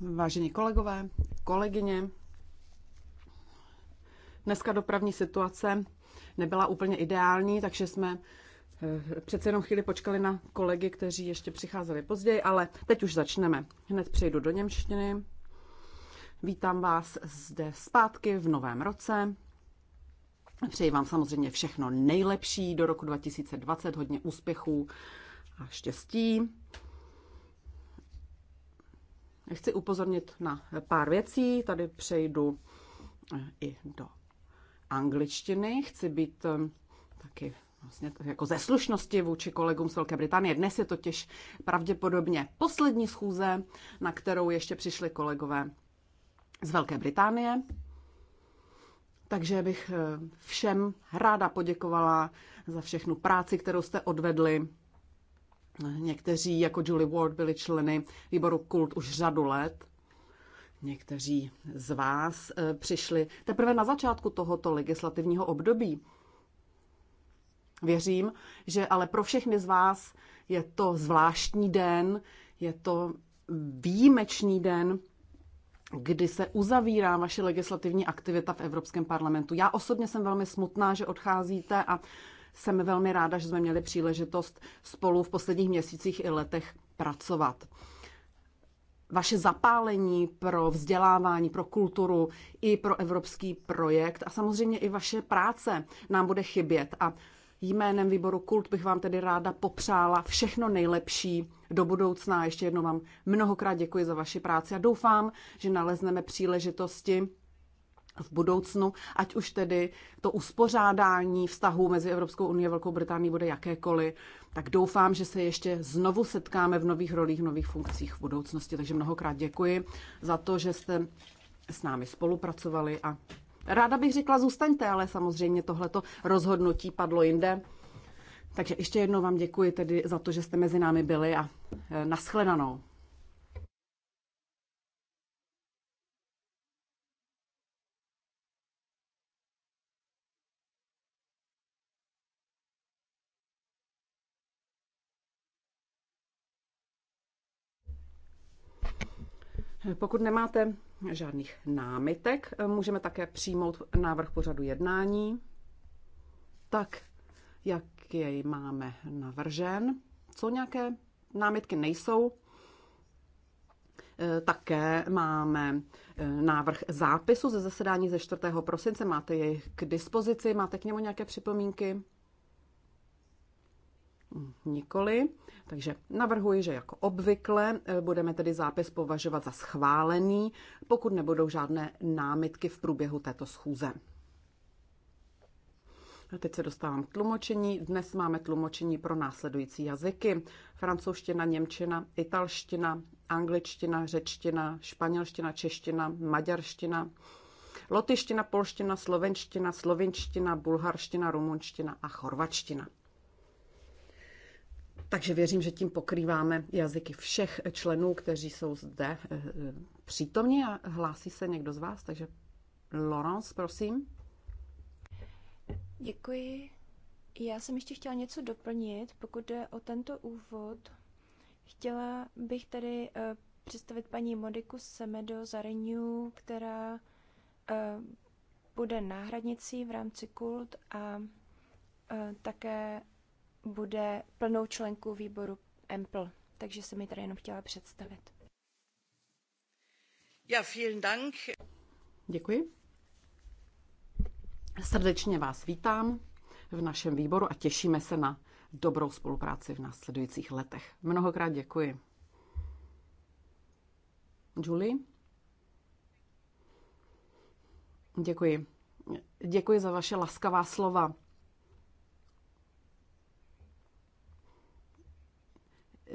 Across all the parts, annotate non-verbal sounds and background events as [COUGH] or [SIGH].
Vážení kolegové, kolegyně, dneska dopravní situace nebyla úplně ideální, takže jsme eh, přece jenom chvíli počkali na kolegy, kteří ještě přicházeli později, ale teď už začneme. Hned přejdu do Němčiny. Vítám vás zde zpátky v novém roce. Přeji vám samozřejmě všechno nejlepší do roku 2020, hodně úspěchů a štěstí. Chci upozornit na pár věcí, tady přejdu eh, i do angličtiny. Chci být eh, taky vlastně jako ze slušnosti vůči kolegům z Velké Británie. Dnes je totiž pravděpodobně poslední schůze, na kterou ještě přišli kolegové z Velké Británie. Takže bych eh, všem ráda poděkovala za všechnu práci, kterou jste odvedli. Někteří, jako Julie Ward, byli členy výboru Kult už řadu let. Někteří z vás eh, přišli teprve na začátku tohoto legislativního období. Věřím, že ale pro všechny z vás je to zvláštní den, je to výjimečný den, kdy se uzavírá vaše legislativní aktivita v Evropském parlamentu. Já osobně jsem velmi smutná, že odcházíte a jsem velmi ráda, že jsme měli příležitost spolu v posledních měsících i letech pracovat. Vaše zapálení pro vzdělávání, pro kulturu i pro evropský projekt a samozřejmě i vaše práce nám bude chybět. A Jménem výboru Kult bych vám tedy ráda popřála všechno nejlepší do budoucna. Ještě jednou vám mnohokrát děkuji za vaši práci a doufám, že nalezneme příležitosti v budoucnu, ať už tedy to uspořádání vztahů mezi Evropskou unii a Velkou Británií bude jakékoliv, tak doufám, že se ještě znovu setkáme v nových rolích, v nových funkcích v budoucnosti. Takže mnohokrát děkuji za to, že jste s námi spolupracovali a Ráda bych řekla, zůstaňte, ale samozřejmě tohleto rozhodnutí padlo jinde. Takže ještě jednou vám děkuji tedy za to, že jste mezi námi byli a e, naschledanou. Pokud nemáte žádných námitek, můžeme také přijmout návrh pořadu jednání, tak jak jej máme navržen. Co nějaké námitky nejsou, eh, také máme eh, návrh zápisu ze zasedání ze 4. prosince. Máte jej k dispozici, máte k němu nějaké připomínky? Nikoli. Takže navrhuji, že jako obvykle eh, budeme tedy zápis považovat za schválený, pokud nebudou žádné námitky v průběhu této schůze. A teď se dostávám k tlumočení. Dnes máme tlumočení pro následující jazyky. Francouzština, němčina, italština, angličtina, řečtina, španělština, čeština, maďarština, lotyština, polština, slovenština, slovinština, bulharština, rumunština a chorvačtina. Takže věřím, že tím pokrýváme jazyky všech členů, kteří jsou zde eh, přítomní a hlásí se někdo z vás. Takže Laurence, prosím. Děkuji. Já jsem ještě chtěla něco doplnit, pokud jde o tento úvod. Chtěla bych tady eh, představit paní Modiku Semedo za která eh, bude náhradnicí v rámci Kult a také bude plnou členkou výboru EMPL. Takže jsem ji tady jenom chtěla představit. Ja, vielen Dank. Děkuji. Srdečně vás vítám v našem výboru a těšíme se na dobrou spolupráci v následujících letech. Mnohokrát děkuji. Julie? Děkuji. Děkuji za vaše laskavá slova.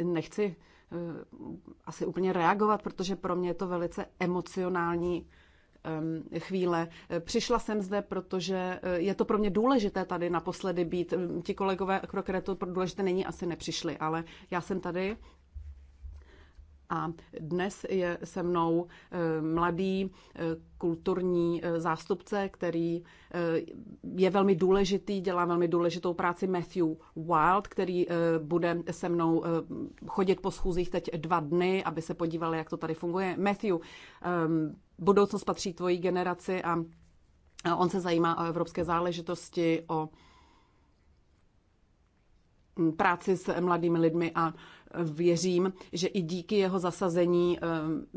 nechci eh, asi úplně reagovat, protože pro mě je to velice emocionální ehm, chvíle. Přišla jsem zde, protože eh, je to pro mě důležité tady naposledy být. Ti kolegové, pro které to důležité není, asi nepřišli, ale já jsem tady a dnes je se mnou eh, mladý eh, kulturní eh, zástupce, který je velmi důležitý, dělá velmi důležitou práci Matthew Wild, který bude se mnou chodit po schůzích teď dva dny, aby se podíval, jak to tady funguje. Matthew, budoucnost patří tvojí generaci a on se zajímá o evropské záležitosti, o práci s mladými lidmi a Věřím, že i díky jeho zasazení eh,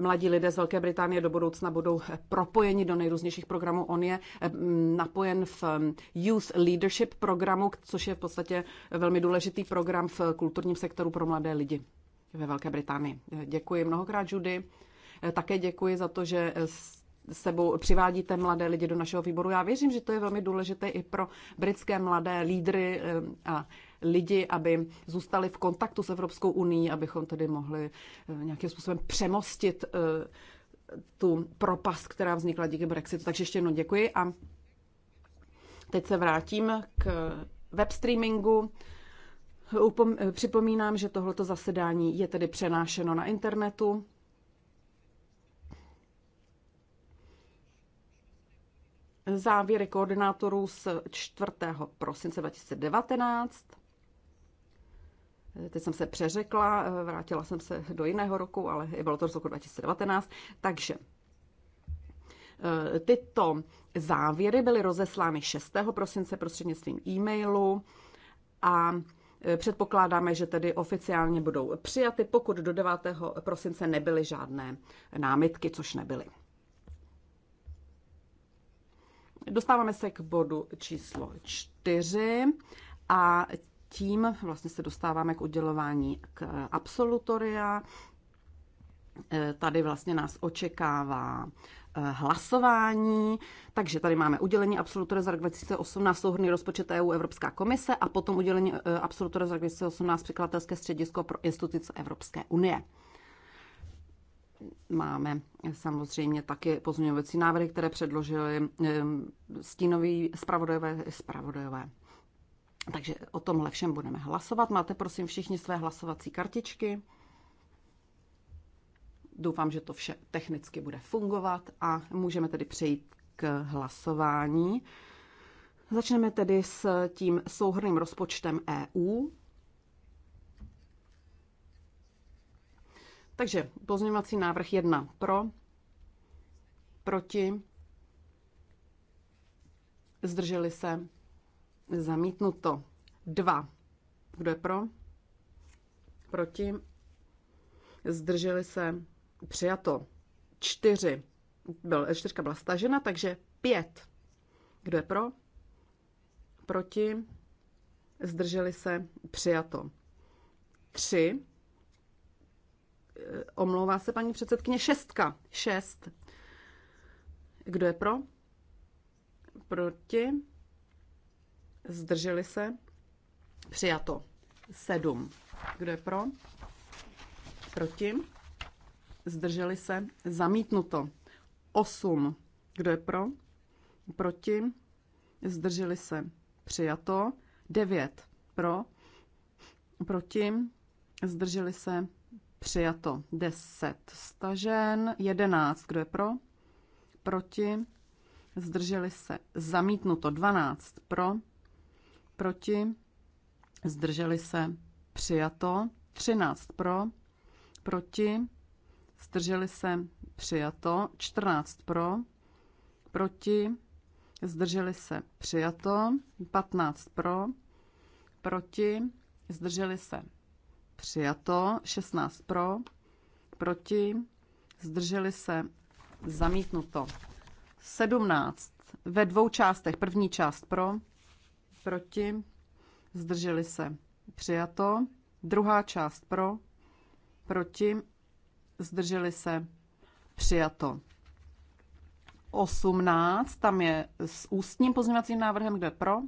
mladí lidé z Velké Británie do budoucna budou propojeni do nejrůznějších programů. On je eh, napojen v eh, Youth Leadership programu, což je v podstatě velmi důležitý program v kulturním sektoru pro mladé lidi ve Velké Británii. Děkuji mnohokrát, Judy. Také děkuji za to, že sebou přivádíte mladé lidi do našeho výboru. Já věřím, že to je velmi důležité i pro britské mladé lídry a lidi, aby zůstali v kontaktu s Evropskou unii, abychom tedy mohli eh, nějakým způsobem přemostit eh, tu propast, která vznikla díky Brexitu. Takže ještě jednou děkuji a teď se vrátím k webstreamingu. Upom- připomínám, že tohleto zasedání je tedy přenášeno na internetu. Závěry koordinátorů z 4. prosince 2019. Teď jsem se přeřekla, eh, vrátila jsem se do jiného roku, ale bylo to z roku 2019. Takže eh, tyto závěry byly rozeslány 6. prosince prostřednictvím e-mailu a eh, Předpokládáme, že tedy oficiálně budou přijaty, pokud do 9. prosince nebyly žádné námitky, což nebyly. Dostáváme se k bodu číslo 4 a tím vlastně se dostáváme k udělování k absolutoria. E, tady vlastně nás očekává e, hlasování. Takže tady máme udělení absolutora za rok 2018, souhrný rozpočet EU, Evropská komise a potom udělení e, absolutora za rok 2018, překladatelské středisko pro instituce Evropské unie. Máme samozřejmě taky pozměňovací návrhy, které předložili stínoví spravodajové, spravodajové. Takže o tomhle všem budeme hlasovat. Máte prosím všichni své hlasovací kartičky. Doufám, že to vše technicky bude fungovat a můžeme tedy přejít k hlasování. Začneme tedy s tím souhrným rozpočtem EU. Takže pozměňovací návrh 1 pro, proti, zdrželi se, Zamítnuto. dva. Kdo je pro? Proti? Zdrželi se? Přijato. čtyři. Byl, čtyřka byla stažena, takže pět. Kdo je pro? Proti? Zdrželi se? Přijato. tři. Eh, omlouvá se paní předsedkyně šestka. Šest. Kdo je pro? Proti? zdrželi se, přijato. sedm, Kdo je pro? Proti? Zdrželi se? Zamítnuto. Osm. Kdo je pro? Proti? Zdrželi se? Přijato. devět, Pro? Proti? Zdrželi se? Přijato. deset, Stažen. jedenáct, Kdo je pro? Proti? Zdrželi se? Zamítnuto. Dvanáct. Pro? proti, zdrželi se, přijato. 13 pro, proti, zdrželi se, přijato. 14 pro, proti, zdrželi se, přijato. 15 pro, proti, zdrželi se, přijato. 16 pro, proti, zdrželi se, zamítnuto. 17 ve dvou částech. První část pro, proti, zdrželi se, přijato. Druhá část pro, proti, zdrželi se, přijato. 18, tam je s ústním pozměňovacím návrhem, kde pro,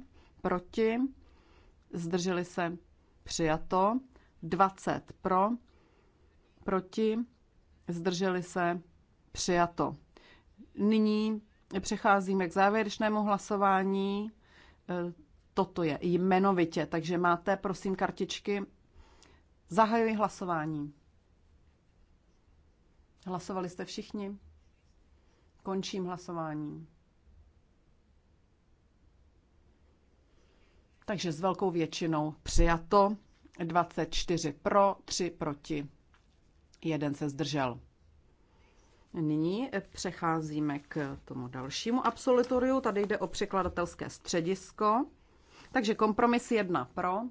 proti, zdrželi se, přijato. 20 pro, proti, zdrželi se, přijato. Nyní přecházíme k závěrečnému hlasování toto je jmenovitě, takže máte prosím kartičky. Zahajuji hlasování. Hlasovali jste všichni? Končím hlasování. Takže s velkou většinou přijato. 24 pro, 3 proti, jeden se zdržel. Nyní přecházíme k tomu dalšímu absolutoriu. Tady jde o překladatelské středisko. Takže kompromis jedna pro,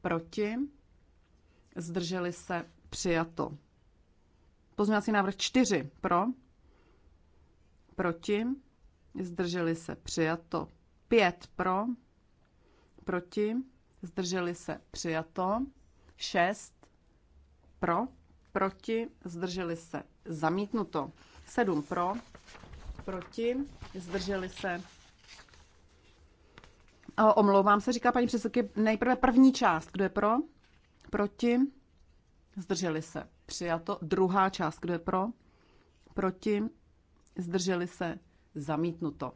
proti, zdrželi se, přijato. Pozměňovací návrh čtyři pro, proti, zdrželi se, přijato. pět pro, proti, zdrželi se, přijato. šest pro, proti, zdrželi se, zamítnuto. sedm pro, proti, zdrželi se, Omlouvám se, říká paní předsedky, nejprve první část. Kdo je pro? Proti? Zdrželi se. Přijato. Druhá část. Kdo je pro? Proti? Zdrželi se. Zamítnuto.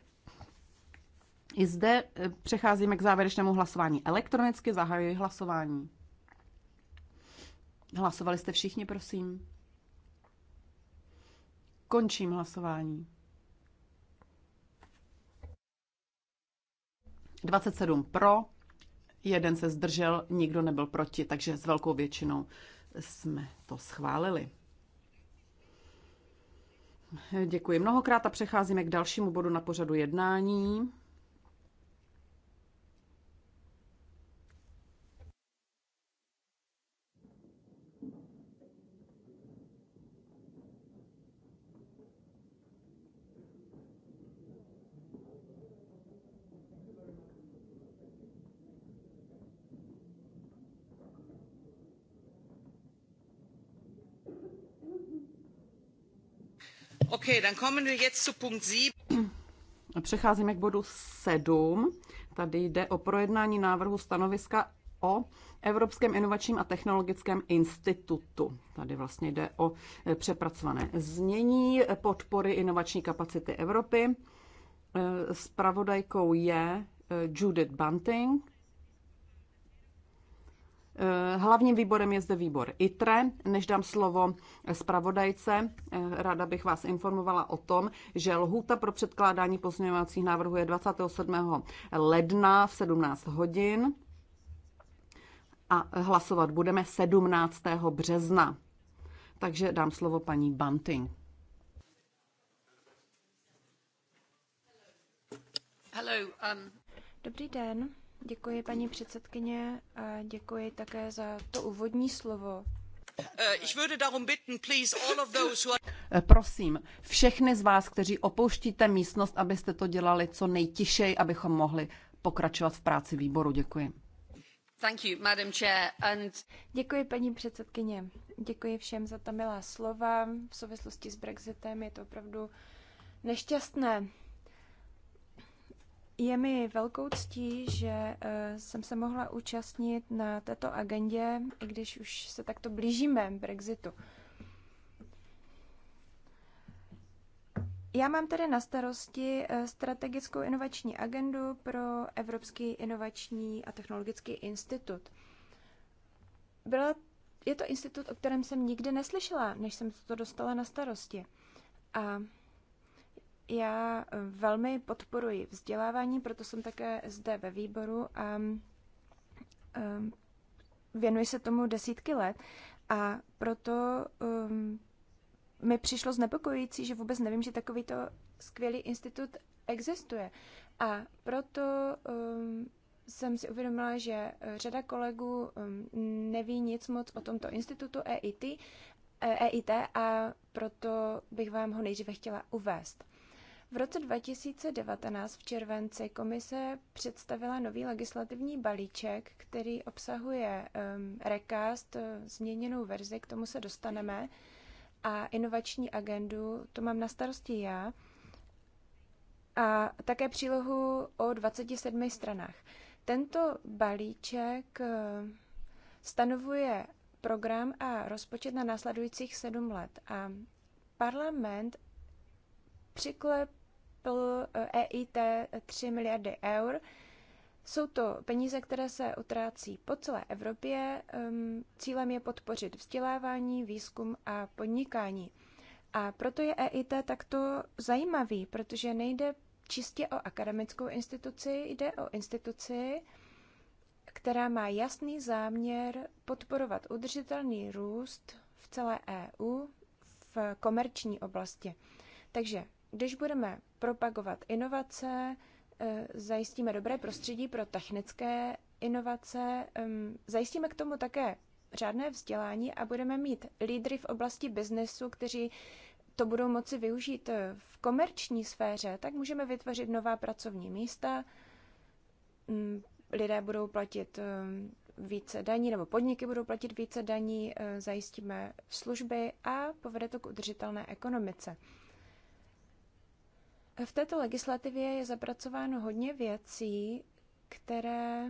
I zde e, přecházíme k závěrečnému hlasování. Elektronicky zahajuji hlasování. Hlasovali jste všichni, prosím? Končím hlasování. 27 pro, jeden se zdržel, nikdo nebyl proti, takže s velkou většinou jsme to schválili. Děkuji mnohokrát a přecházíme k dalšímu bodu na pořadu jednání. Přecházíme k bodu 7. Tady jde o projednání návrhu stanoviska o Evropském inovačním a technologickém institutu. Tady vlastně jde o e, přepracované znění podpory inovační kapacity Evropy. Spravodajkou e, je e, Judith Bunting. Eh, hlavním výborem je zde výbor ITRE. Než dám slovo zpravodajce, eh, ráda bych vás informovala o tom, že lhůta pro předkládání pozměňovacích návrhů je 27. ledna v 17 hodin a hlasovat budeme 17. března. Takže dám slovo paní Bunting. Hello, um... Dobrý den. Děkuji, paní předsedkyně, a děkuji také za to úvodní slovo. Eh, eh, prosím, všechny z vás, kteří opouštíte místnost, abyste to dělali co nejtišej, abychom mohli pokračovat v práci výboru. Děkuji. Thank you, Madam Chair, and... Děkuji, paní předsedkyně. Děkuji všem za ta milá slova. V souvislosti s Brexitem je to opravdu nešťastné, je mi velkou ctí, že eh, jsem se mohla účastnit na této agendě, i když už se takto blížíme Brexitu. Já mám tedy na starosti eh, strategickou inovační agendu pro Evropský inovační a technologický institut. Byla, je to institut, o kterém jsem nikdy neslyšela, než jsem to dostala na starosti. A já eh, velmi podporuji vzdělávání, proto jsem také zde ve výboru a eh, věnuji se tomu desítky let a proto um, mi přišlo znepokojící, že vůbec nevím, že takovýto skvělý institut existuje. A proto um, jsem si uvědomila, že řada kolegů um, neví nic moc o tomto institutu EIT, EIT a proto bych vám ho nejdříve chtěla uvést. V roce 2019 v červenci komise představila nový legislativní balíček, který obsahuje um, recast, eh, změněnou verzi, k tomu se dostaneme, a inovační agendu, to mám na starosti já, a také přílohu o 27 stranách. Tento balíček eh, stanovuje program a rozpočet na následujících sedm let a parlament přiklep EIT eh, e 3 miliardy eur. Jsou to peníze, které se utrácí po celé Evropě. Ehm, cílem je podpořit vzdělávání, výzkum a podnikání. A proto je EIT takto zajímavý, protože nejde čistě o akademickou instituci, jde o instituci, která má jasný záměr podporovat udržitelný růst v celé EU v komerční oblasti. Takže když budeme propagovat inovace, eh, zajistíme dobré prostředí pro technické inovace, ehm, zajistíme k tomu také řádné vzdělání a budeme mít lídry v oblasti biznesu, kteří to budou moci využít eh, v komerční sféře, tak můžeme vytvořit nová pracovní místa, mm, lidé budou platit ehm, více daní, nebo podniky budou platit více daní, eh, zajistíme služby a povede to k udržitelné ekonomice. V této legislativě je zapracováno hodně věcí, které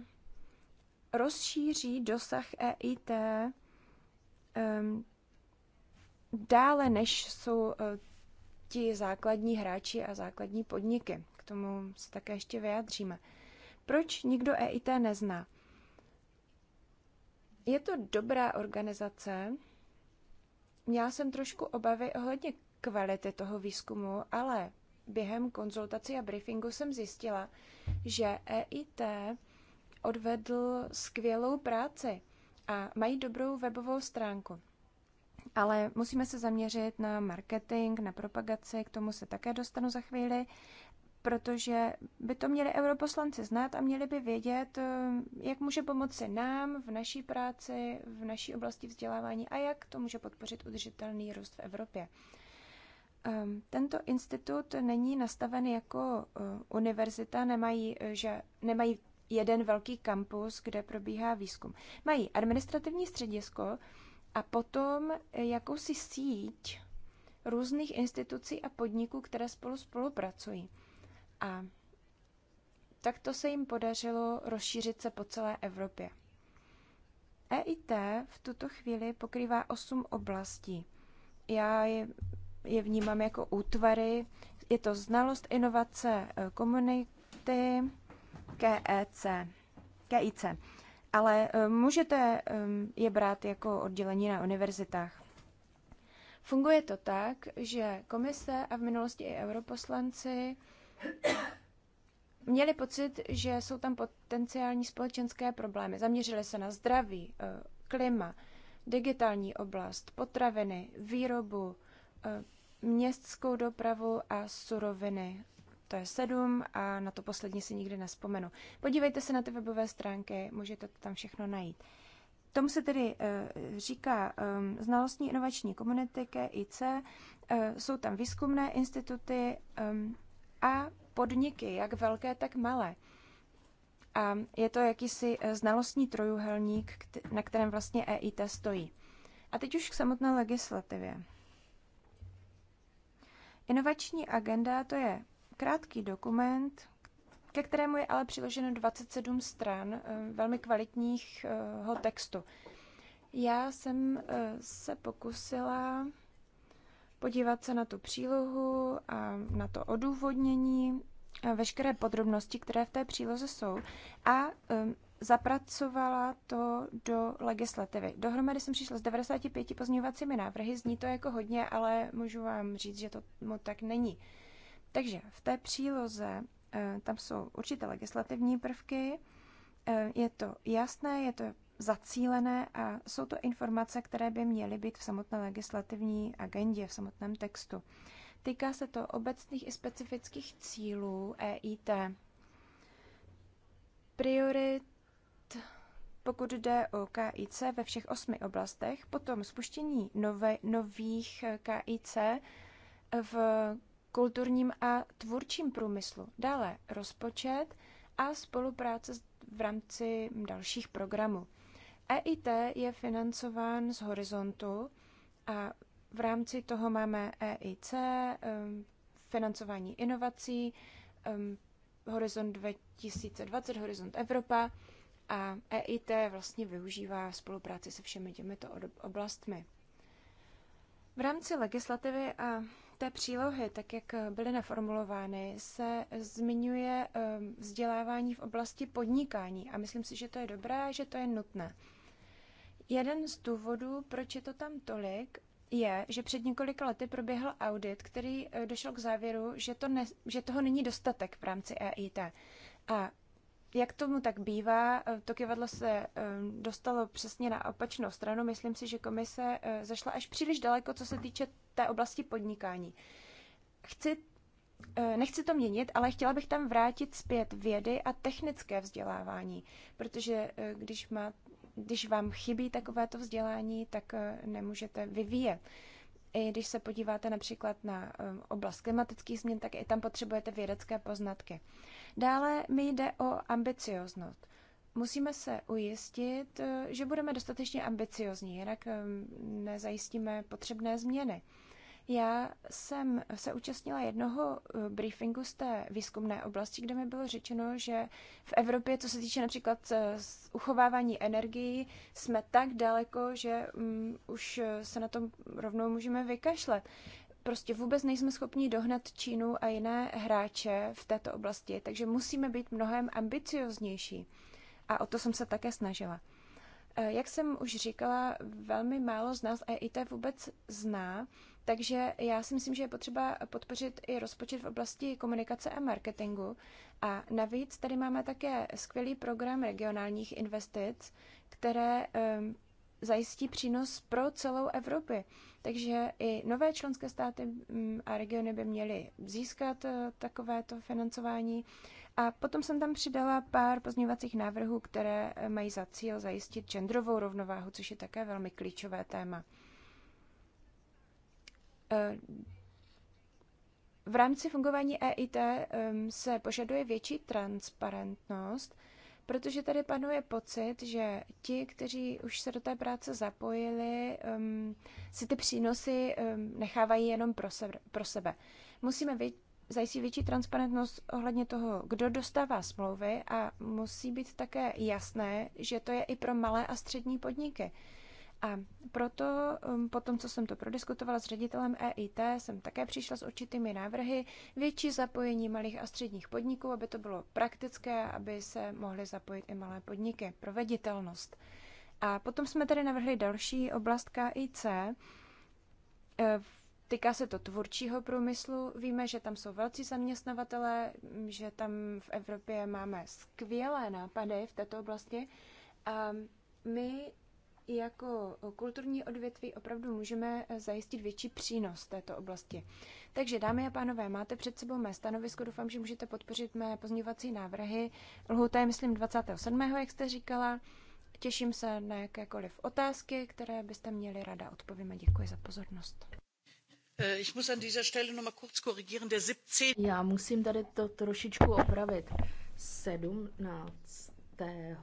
rozšíří dosah EIT um, ehm, dále, než jsou uh, ti základní hráči a základní podniky. K tomu se také ještě vyjádříme. Proč nikdo EIT nezná? Je to dobrá organizace. Měla jsem trošku obavy ohledně kvality toho výzkumu, ale během konzultací a briefingu jsem zjistila, že EIT odvedl skvělou práci a mají dobrou webovou stránku. Ale musíme se zaměřit na marketing, na propagaci, k tomu se také dostanu za chvíli, protože by to měli europoslanci znát a měli by vědět, eh, jak může pomoci nám v naší práci, v naší oblasti vzdělávání a jak to může podpořit udržitelný růst v Evropě. Ehm, tento institut není nastaven jako eh, univerzita, nemají, eh, že, nemají jeden velký kampus, kde probíhá výzkum. Mají administrativní středisko a potom eh, jakousi síť různých institucí a podniků, které spolu spolupracují. A takto se jim podařilo rozšířit se po celé Evropě. EIT v tuto chvíli pokrývá osm oblastí. Já je je vnímám jako útvary. Je to znalost inovace eh, komunity KEC. KIC. Ale eh, můžete ehm, je brát jako oddělení na univerzitách. Funguje to tak, že komise a v minulosti i europoslanci měli pocit, že jsou tam potenciální společenské problémy. Zaměřili se na zdraví, eh, klima, digitální oblast, potraviny, výrobu, městskou dopravu a suroviny. To je sedm a na to poslední si nikdy nespomenu. Podívejte se na ty webové stránky, můžete to tam všechno najít. Tomu se tedy uh, říká um, znalostní inovační komunity KIC. Uh, eh, jsou tam výzkumné instituty um, a podniky, jak velké, tak malé. A je to jakýsi znalostní trojuhelník, na kterém vlastně EIT stojí. A teď už k samotné legislativě. Inovační agenda to je krátký dokument, ke kterému je ale přiloženo 27 stran eh, velmi kvalitního eh, textu. Já jsem eh, se pokusila podívat se na tu přílohu a na to odůvodnění, veškeré podrobnosti, které v té příloze jsou a zapracovala to do legislativy. Dohromady jsem přišla s 95 pozměňovacími návrhy, zní to jako hodně, ale můžu vám říct, že to mu tak není. Takže v té příloze eh, tam jsou určité legislativní prvky, eh, je to jasné, je to zacílené a jsou to informace, které by měly být v samotné legislativní agendě, v samotném textu. Týká se to obecných i specifických cílů EIT. Priorit pokud jde o KIC ve všech osmi oblastech, potom spuštění nové, nových KIC v kulturním a tvůrčím průmyslu, dále rozpočet a spolupráce v rámci dalších programů. EIT je financován z horizontu a v rámci toho máme EIC, financování inovací, Horizont 2020, Horizont Evropa a EIT vlastně využívá spolupráci se všemi těmito oblastmi. V rámci legislativy a té přílohy, tak jak byly naformulovány, se zmiňuje ehm, vzdělávání v oblasti podnikání a myslím si, že to je dobré a že to je nutné. Jeden z důvodů, proč je to tam tolik, je, že před několika lety proběhl audit, který eh, došel k závěru, že, to ne, že toho není dostatek v rámci EIT. A jak tomu tak bývá, eh, to kivadlo se eh, dostalo přesně na opačnou stranu. Myslím si, že komise eh, zašla až příliš daleko, co se týče té oblasti podnikání. Chci, nechci to měnit, ale chtěla bych tam vrátit zpět vědy a technické vzdělávání, protože když, má, když vám chybí takovéto vzdělání, tak nemůžete vyvíjet. I když se podíváte například na oblast klimatických změn, tak i tam potřebujete vědecké poznatky. Dále mi jde o ambicioznost. Musíme se ujistit, eh, že budeme dostatečně ambiciozní, jinak eh, nezajistíme potřebné změny. Já jsem se účastnila jednoho eh, briefingu z té výzkumné oblasti, kde mi bylo řečeno, že v Evropě, co se týče například uchovávání energií, jsme tak daleko, že mm, už se na tom rovnou můžeme vykašlet. Prostě vůbec nejsme schopni dohnat Čínu a jiné hráče v této oblasti, takže musíme být mnohem ambicioznější. A o to jsem se také snažila. E, jak jsem už říkala, velmi málo z nás EIT vůbec zná, takže já si myslím, že je potřeba podpořit i rozpočet v oblasti komunikace a marketingu. A navíc tady máme také skvělý program regionálních investic, které um, zajistí přínos pro celou Evropu. Takže i nové členské státy mm, a regiony by měly získat eh, takovéto financování. A potom jsem tam přidala pár pozměňovacích návrhů, které eh, mají za cíl zajistit genderovou rovnováhu, což je také velmi klíčové téma. Eh, v rámci fungování EIT ehm, se požaduje větší transparentnost protože tady panuje pocit, že ti, kteří už se do té práce zapojili, um, si ty přínosy um, nechávají jenom pro, se, pro sebe. Musíme vy, zajistit větší transparentnost ohledně toho, kdo dostává smlouvy a musí být také jasné, že to je i pro malé a střední podniky. A proto um, po tom, co jsem to prodiskutovala s ředitelem EIT, jsem také přišla s určitými návrhy větší zapojení malých a středních podniků, aby to bylo praktické, aby se mohly zapojit i malé podniky, proveditelnost. A potom jsme tady navrhli další oblast KIC. E, týká se to tvůrčího průmyslu. Víme, že tam jsou velcí zaměstnavatele, že tam v Evropě máme skvělé nápady v této oblasti. A my i jako kulturní odvětví opravdu můžeme eh, zajistit větší přínos této oblasti. Takže, dámy a pánové, máte před sebou mé stanovisko. Doufám, že můžete podpořit mé pozměňovací návrhy. Lhuta je, myslím, 27. jak jste říkala. Těším se na jakékoliv otázky, které byste měli ráda odpovím a děkuji za pozornost. Já musím tady to trošičku opravit. 17. To je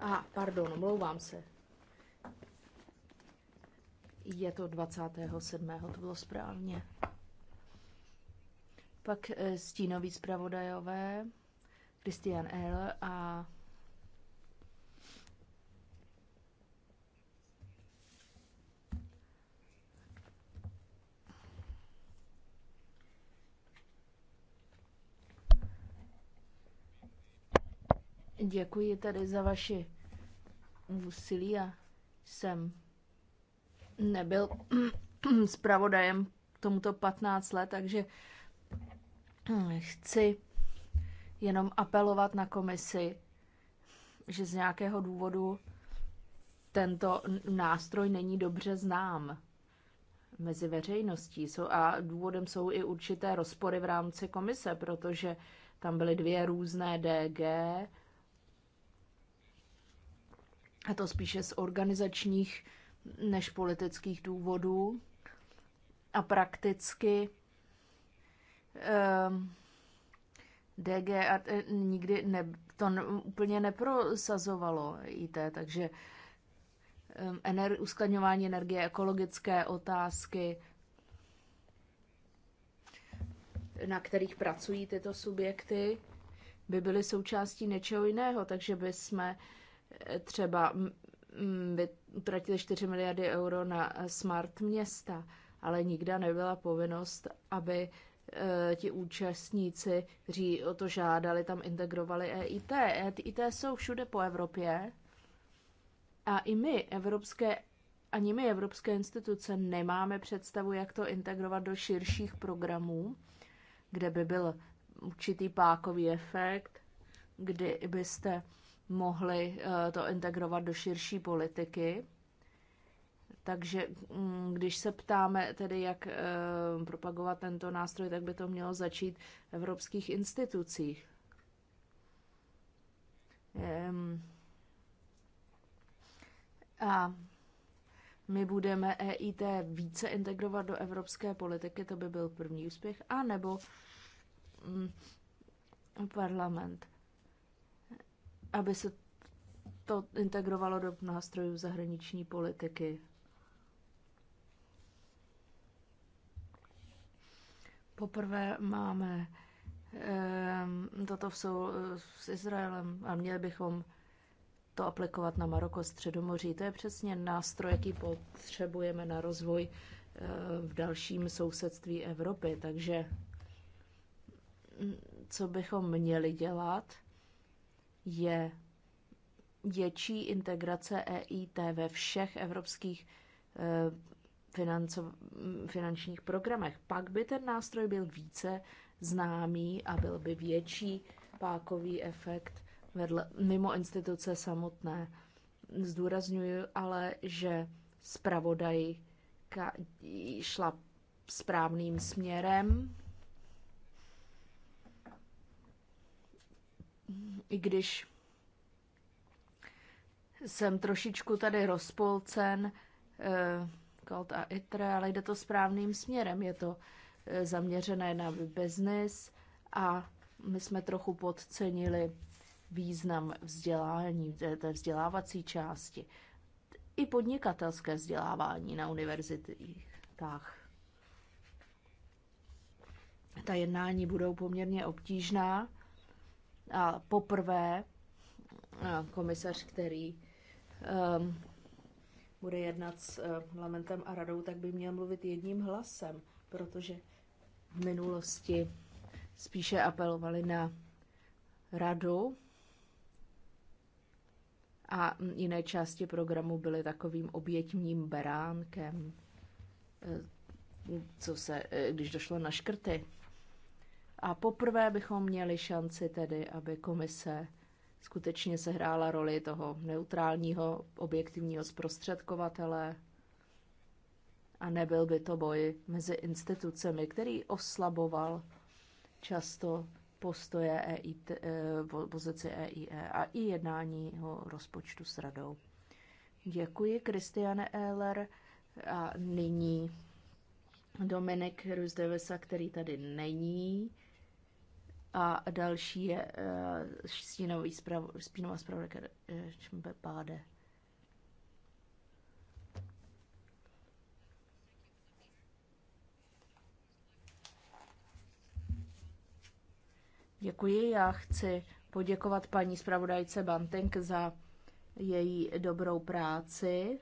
a, pardon, omlouvám se. Je to 27. to bylo správně. Pak eh, stínoví zpravodajové, Christian L. a Děkuji tedy za vaši úsilí a jsem nebyl [CLEARS THROAT] zpravodajem tomuto 15 let, takže chci jenom apelovat na komisi, že z nějakého důvodu tento nástroj není dobře znám mezi veřejností. A důvodem jsou i určité rozpory v rámci komise, protože tam byly dvě různé DG, a to spíše z organizačních než politických důvodů. A prakticky eh, DG a e, nikdy ne, to úplně neprosazovalo IT, takže eh, ener, uskladňování energie, ekologické otázky, na kterých pracují tyto subjekty, by byly součástí něčeho jiného, takže by jsme eh, třeba utratili 4 miliardy euro na smart města, ale nikda nebyla povinnost, aby e, ti účastníci, kteří o to žádali, tam integrovali EIT. EIT jsou všude po Evropě a i my, evropské, ani my, evropské instituce, nemáme představu, jak to integrovat do širších programů, kde by byl určitý pákový efekt, kdy byste mohli eh, to integrovat do širší politiky. Takže mm, když se ptáme tedy, jak eh, propagovat tento nástroj, tak by to mělo začít v evropských institucích. A my budeme EIT více integrovat do evropské politiky, to by byl první úspěch, a nebo mm, parlament aby se to integrovalo do nástrojů zahraniční politiky. Poprvé máme ehm, toto v sou, s Izraelem a měli bychom to aplikovat na Maroko, Středomoří. To je přesně nástroj, jaký potřebujeme na rozvoj eh, v dalším sousedství Evropy. Takže mm, co bychom měli dělat? je větší integrace EIT ve všech evropských eh, financo, finančních programech. Pak by ten nástroj byl více známý a byl by větší pákový efekt vedle, mimo instituce samotné. Zdůrazňuji ale, že zpravodaj šla správným směrem i když jsem trošičku tady rozpolcen, Kalt eh, a ITRE, ale jde to správným směrem. Je to eh, zaměřené na biznis a my jsme trochu podcenili význam vzdělání, té vzdělávací části. I podnikatelské vzdělávání na univerzitách. Ta jednání budou poměrně obtížná a poprvé komisař, který um, bude jednat s eh, Lamentem a radou, tak by měl mluvit jedním hlasem, protože v minulosti spíše apelovali na radu a jiné části programu byly takovým obětním beránkem, eh, co se, eh, když došlo na škrty. A poprvé bychom měli šanci tedy, aby komise skutečně sehrála roli toho neutrálního, objektivního zprostředkovatele a nebyl by to boj mezi institucemi, který oslaboval často postoje EIT, eh, pozici EIE e a i jednání o rozpočtu s radou. Děkuji, Kristiane Ehler. A nyní Dominik Rusdevesa, který tady není. A další je uh, stínový sprav, spínová zpravodajka uh, páde. Děkuji, já chci poděkovat paní zpravodajce Bantenk za její dobrou práci.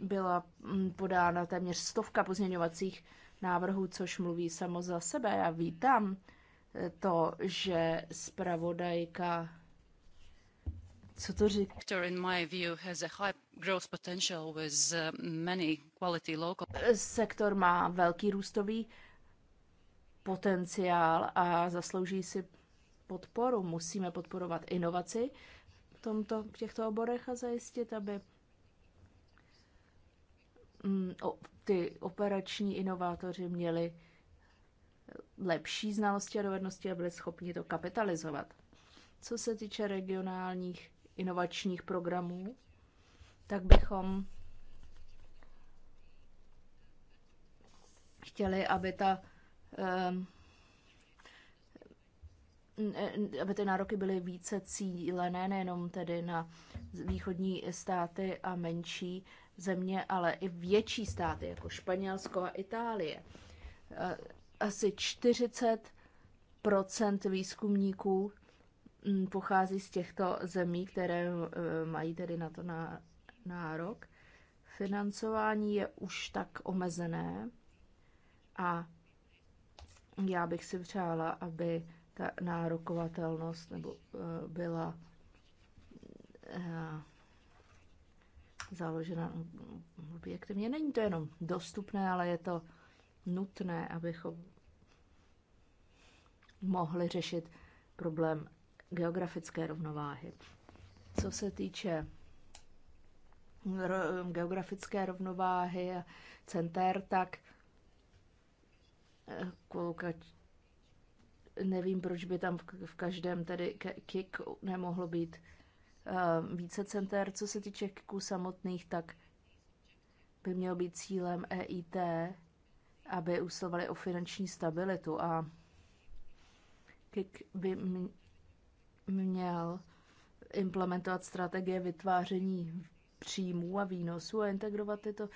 Byla mm, podána téměř stovka pozměňovacích návrhu, což mluví samo za sebe. Já vítám eh, to, že zpravodajka co to říká? Eh, Sektor má velký růstový potenciál a zaslouží si podporu. Musíme podporovat inovaci v, tomto, v těchto oborech a zajistit, aby mm, ty operační inovátoři měli lepší znalosti a dovednosti a byli schopni to kapitalizovat. Co se týče regionálních inovačních programů, tak bychom chtěli, aby ta ehm, aby ty nároky byly více cílené, nejenom tedy na východní státy a menší země, ale i větší státy, jako Španělsko a Itálie. Eh, asi 40 výzkumníků mm, pochází z těchto zemí, které eh, mají tedy na to nárok. Financování je už tak omezené a já bych si přála, aby ta nárokovatelnost nebo eh, byla založena objektivně. Není to jenom dostupné, ale je to nutné, abychom mohli řešit problém geografické rovnováhy. Co se týče geografické rovnováhy a center, tak eh, koukat, nevím, proč by tam v každém tedy kick nemohlo být více center. Co se týče kiků samotných, tak by mělo být cílem EIT, aby usilovali o finanční stabilitu a KIK by měl implementovat strategie vytváření příjmů a výnosů a integrovat tyto,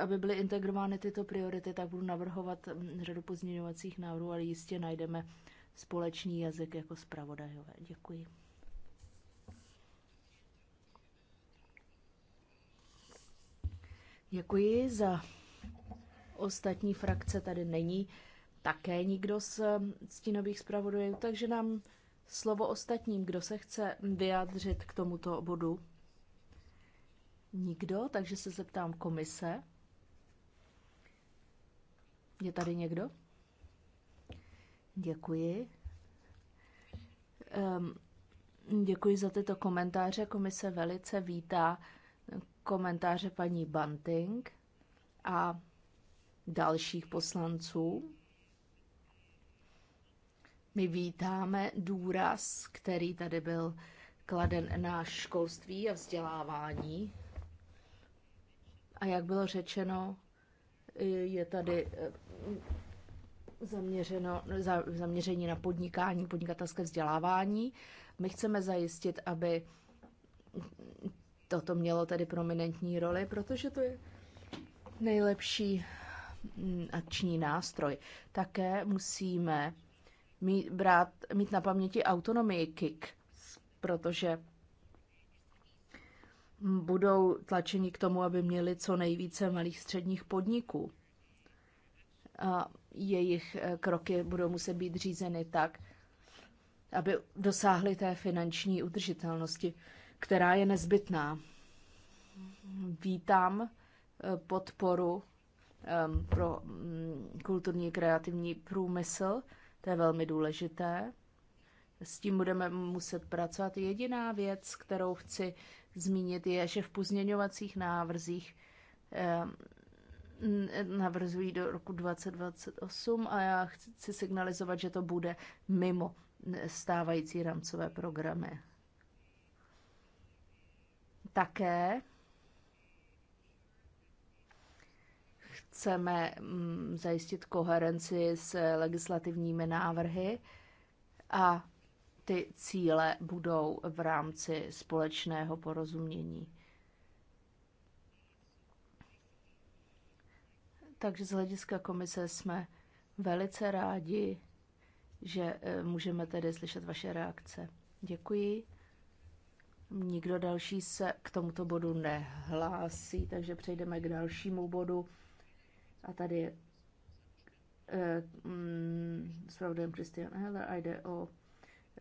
aby byly integrovány tyto priority, tak budu navrhovat řadu pozměňovacích návrhů, ale jistě najdeme společný jazyk jako zpravodajové. Děkuji. Děkuji za ostatní frakce. Tady není také nikdo z stínových zpravodajů, takže nám slovo ostatním, kdo se chce vyjádřit k tomuto bodu. Nikdo, takže se zeptám komise. Je tady někdo? Děkuji. Um, děkuji za tyto komentáře. Komise velice vítá komentáře paní Bunting a dalších poslanců. My vítáme důraz, který tady byl kladen na školství a vzdělávání. A jak bylo řečeno, je tady eh, zaměřeno, zaměření na podnikání, podnikatelské vzdělávání. My chceme zajistit, aby toto mělo tedy prominentní roli, protože to je nejlepší mm, akční nástroj. Také musíme mít, brát, mít na paměti autonomii KIK, protože budou tlačeni k tomu, aby měli co nejvíce malých středních podniků. A jejich eh, kroky budou muset být řízeny tak, aby dosáhly té finanční udržitelnosti která je nezbytná. Vítám eh, podporu ehm, pro mm, kulturní kreativní průmysl, to je velmi důležité. S tím budeme muset pracovat. Jediná věc, kterou chci zmínit, je, že v pozměňovacích návrzích ehm, navrzují do roku 2028 a já chci signalizovat, že to bude mimo stávající rámcové programy. Také chceme mm, zajistit koherenci s legislativními návrhy a ty cíle budou v rámci společného porozumění. Takže z hlediska komise jsme velice rádi, že eh, můžeme tedy slyšet vaše reakce. Děkuji. Nikdo další se k tomuto bodu nehlásí, takže přejdeme k dalšímu bodu. A tady je s eh, mm, pravdem Christian Heller a jde o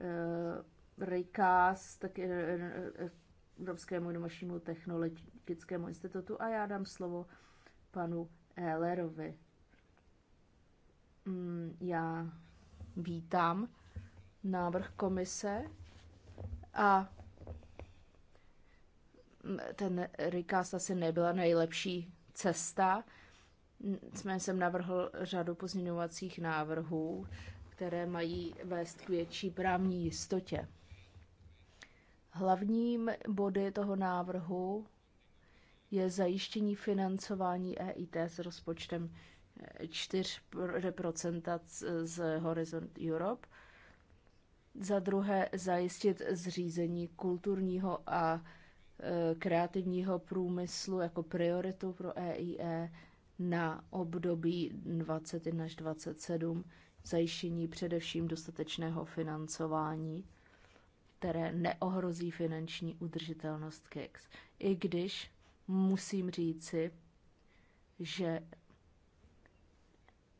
eh, recast, tak eh, eh, Evropskému domašímu technologickému institutu a já dám slovo panu Hellerovi. Mm, já vítám návrh komise a ten recast asi nebyla nejlepší cesta. Jsme jsem navrhl řadu pozměňovacích návrhů, které mají vést k větší právní jistotě. Hlavním body toho návrhu je zajištění financování EIT s rozpočtem 4% z Horizon Europe. Za druhé zajistit zřízení kulturního a Eh, kreativního průmyslu jako prioritu pro EIE e na období 21 až 27 zajištění především dostatečného financování, které neohrozí finanční udržitelnost KIX. I když musím říci, že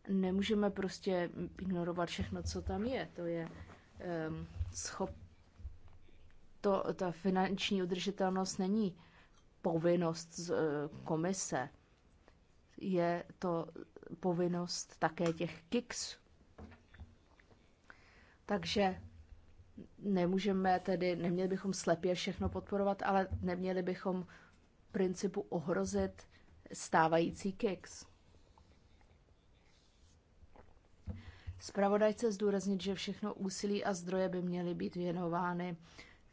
nemůžeme prostě ignorovat všechno, co tam je. To je um, schop, to, ta finanční udržitelnost není povinnost z eh, komise. Je to povinnost také těch kiks. Takže nemůžeme tedy, neměli bychom slepě všechno podporovat, ale neměli bychom principu ohrozit stávající kiks. Spravodajce zdůraznit, že všechno úsilí a zdroje by měly být věnovány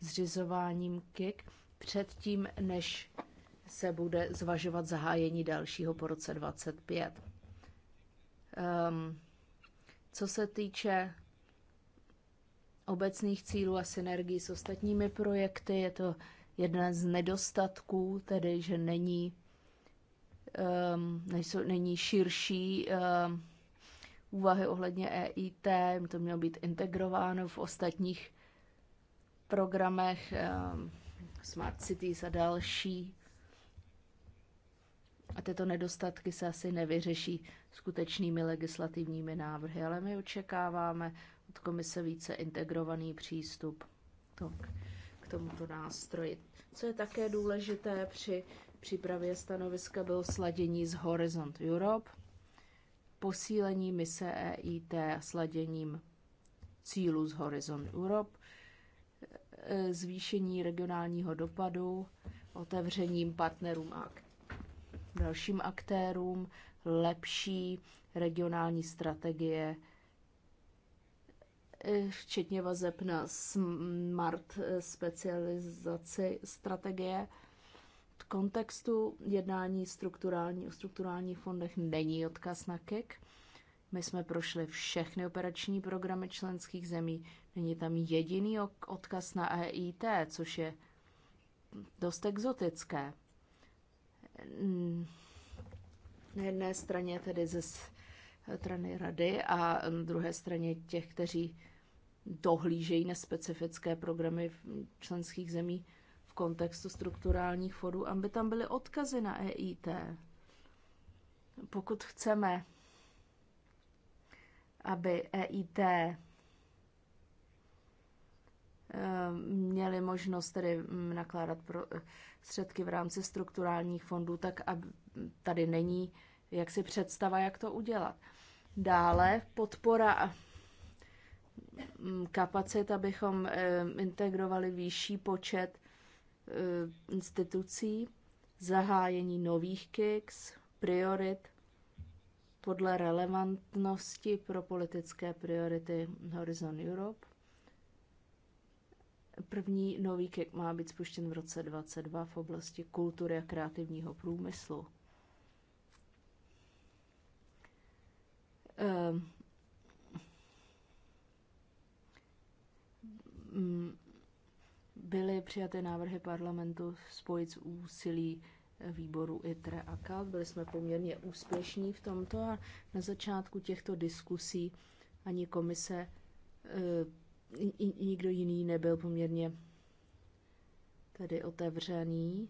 zřizováním KIK předtím, než se bude zvažovat zahájení dalšího po roce 25. Um, ehm, co se týče obecných cílů a synergií s ostatními projekty, je to jedna z nedostatků, tedy že není, um, nejsou, není širší um, úvahy ohledně EIT, to mělo být integrováno v ostatních programech eh, Smart Cities a další. A tyto nedostatky se asi nevyřeší skutečnými legislativními návrhy, ale my očekáváme od komise více integrovaný přístup k tomuto nástroji. Co je také důležité při přípravě stanoviska bylo sladění s Horizont Europe, posílení mise EIT a sladěním cílů z Horizont Europe, E, zvýšení regionálního dopadu, otevřením partnerům a dalším aktérům, lepší regionální strategie, e, včetně vazeb na smart e, specializaci strategie. V kontextu jednání strukturální, o strukturálních fondech není odkaz na KIK my jsme prošli všechny operační programy členských zemí. Není tam jediný odkaz na EIT, což je dost exotické. Mm, na jedné straně tedy ze strany rady a mm, druhé straně těch, kteří dohlížejí na specifické programy členských zemí v kontextu strukturálních fondů, aby tam byly odkazy na EIT. Pokud chceme aby EIT eh, měli možnost tedy mm, nakládat středky v rámci strukturálních fondů, tak aby tady není jak si představa, jak to udělat. Dále podpora mm, kapacit, abychom eh, integrovali výšší počet eh, institucí, zahájení nových KICS, priorit podle relevantnosti pro politické priority Horizon Europe. První nový KIK má být spuštěn v roce 2022 v oblasti kultury a kreativního průmyslu. Ehm. Mm. Byly přijaty návrhy parlamentu spojit s úsilí výboru ITRE a KAL. Byli jsme poměrně úspěšní v tomto a na začátku těchto diskusí ani komise, eh, nikdo jiný nebyl poměrně tedy otevřený.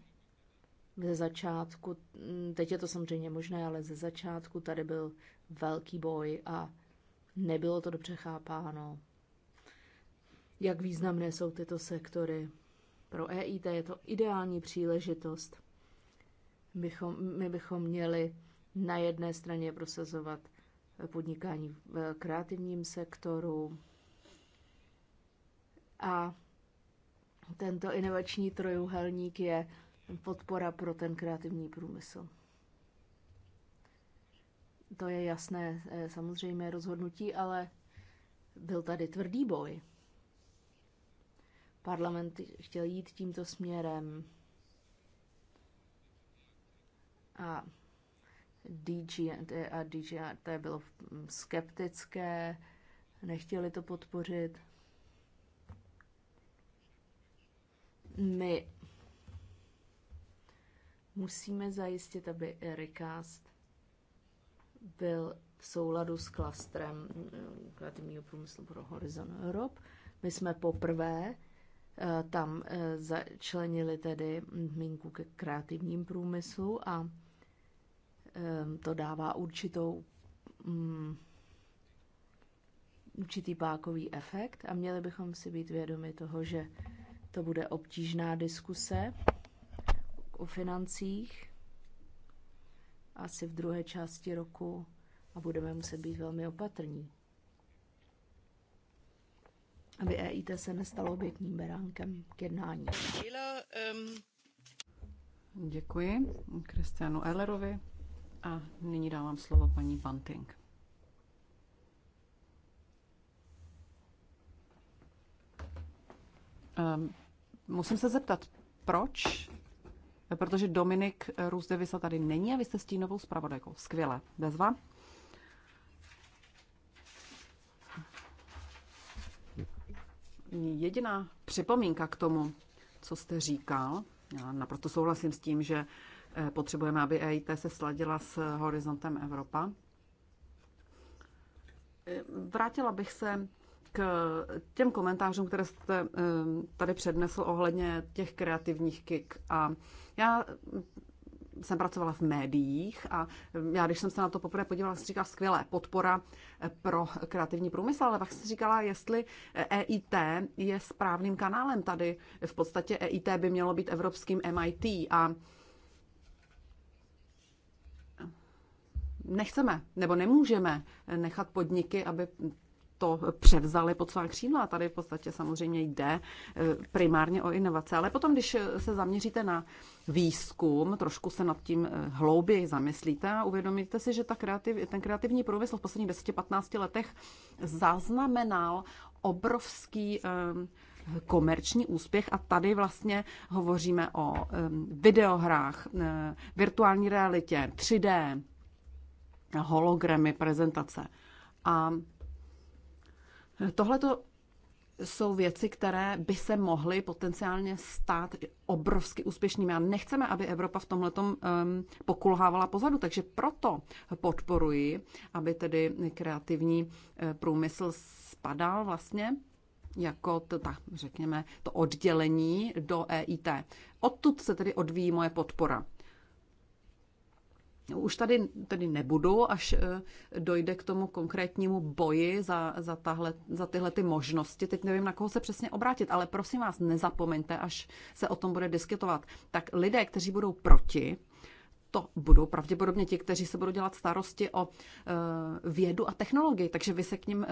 Ze začátku, hm, teď je to samozřejmě možné, ale ze začátku tady byl velký boj a nebylo to dobře chápáno. Jak významné jsou tyto sektory? Pro EIT je to ideální příležitost bychom, my bychom měli na jedné straně prosazovat podnikání v kreativním sektoru a tento inovační trojuhelník je podpora pro ten kreativní průmysl. To je jasné, eh, samozřejmé rozhodnutí, ale byl tady tvrdý boj. Parlament chtěl jít tímto směrem a DG a to bylo mm, skeptické, nechtěli to podpořit. My musíme zajistit, aby Ericast byl v souladu s klastrem mm, kreativního průmyslu pro Horizon Europe. My jsme poprvé eh, tam eh, začlenili tedy mínku ke kreativním průmyslu a to dává určitou um, určitý pákový efekt a měli bychom si být vědomi toho, že to bude obtížná diskuse o financích asi v druhé části roku a budeme muset být velmi opatrní, aby EIT se nestalo obětním beránkem k jednání. Děkuji Kristianu Ellerovi. A nyní dávám slovo paní Banting. Um, ehm, musím se zeptat, proč? Protože Dominik Růzdevisa tady není a vy jste novou zpravodajkou. Skvěle, bezva. Jediná připomínka k tomu, co jste říkal, já naprosto souhlasím s tím, že Eh, potřebujeme, aby EIT se sladila s horizontem Evropa. Eh, vrátila bych se k těm komentářům, které jste eh, tady přednesl ohledně těch kreativních kick. A já jsem pracovala v médiích a já, když jsem se na to poprvé podívala, jsem říkala, skvělé, podpora pro kreativní průmysl, ale pak jsem říkala, jestli EIT e je správným kanálem tady. V podstatě EIT by mělo být evropským MIT a nechceme nebo nemůžeme nechat podniky, aby to převzali pod svá křídla. Tady v podstatě samozřejmě jde e, primárně o inovace. Ale potom, když se zaměříte na výzkum, trošku se nad tím e, hlouběji zamyslíte a uvědomíte si, že ta kreativ, ten kreativní průmysl v posledních 10-15 letech zaznamenal obrovský e, komerční úspěch a tady vlastně hovoříme o videohrách, virtuální realitě, 3D, hologramy prezentace. A tohle jsou věci, které by se mohly potenciálně stát obrovsky úspěšnými. A nechceme, aby Evropa v tomhle um, pokulhávala pozadu, takže proto podporuji, aby tedy kreativní eh, průmysl spadal vlastně jako to, ta, řekněme, to oddělení do EIT. Odtud se tedy odvíjí moje podpora už tady, tady nebudu, až e, dojde k tomu konkrétnímu boji za, za, tahle, za tyhle ty možnosti. Teď nevím, na koho se přesně obrátit, ale prosím vás, nezapomeňte, až se o tom bude diskutovat. Tak lidé, kteří budou proti, to budou pravděpodobně ti, kteří se budou dělat starosti o e, vědu a technologii. Takže vy se k ním, e,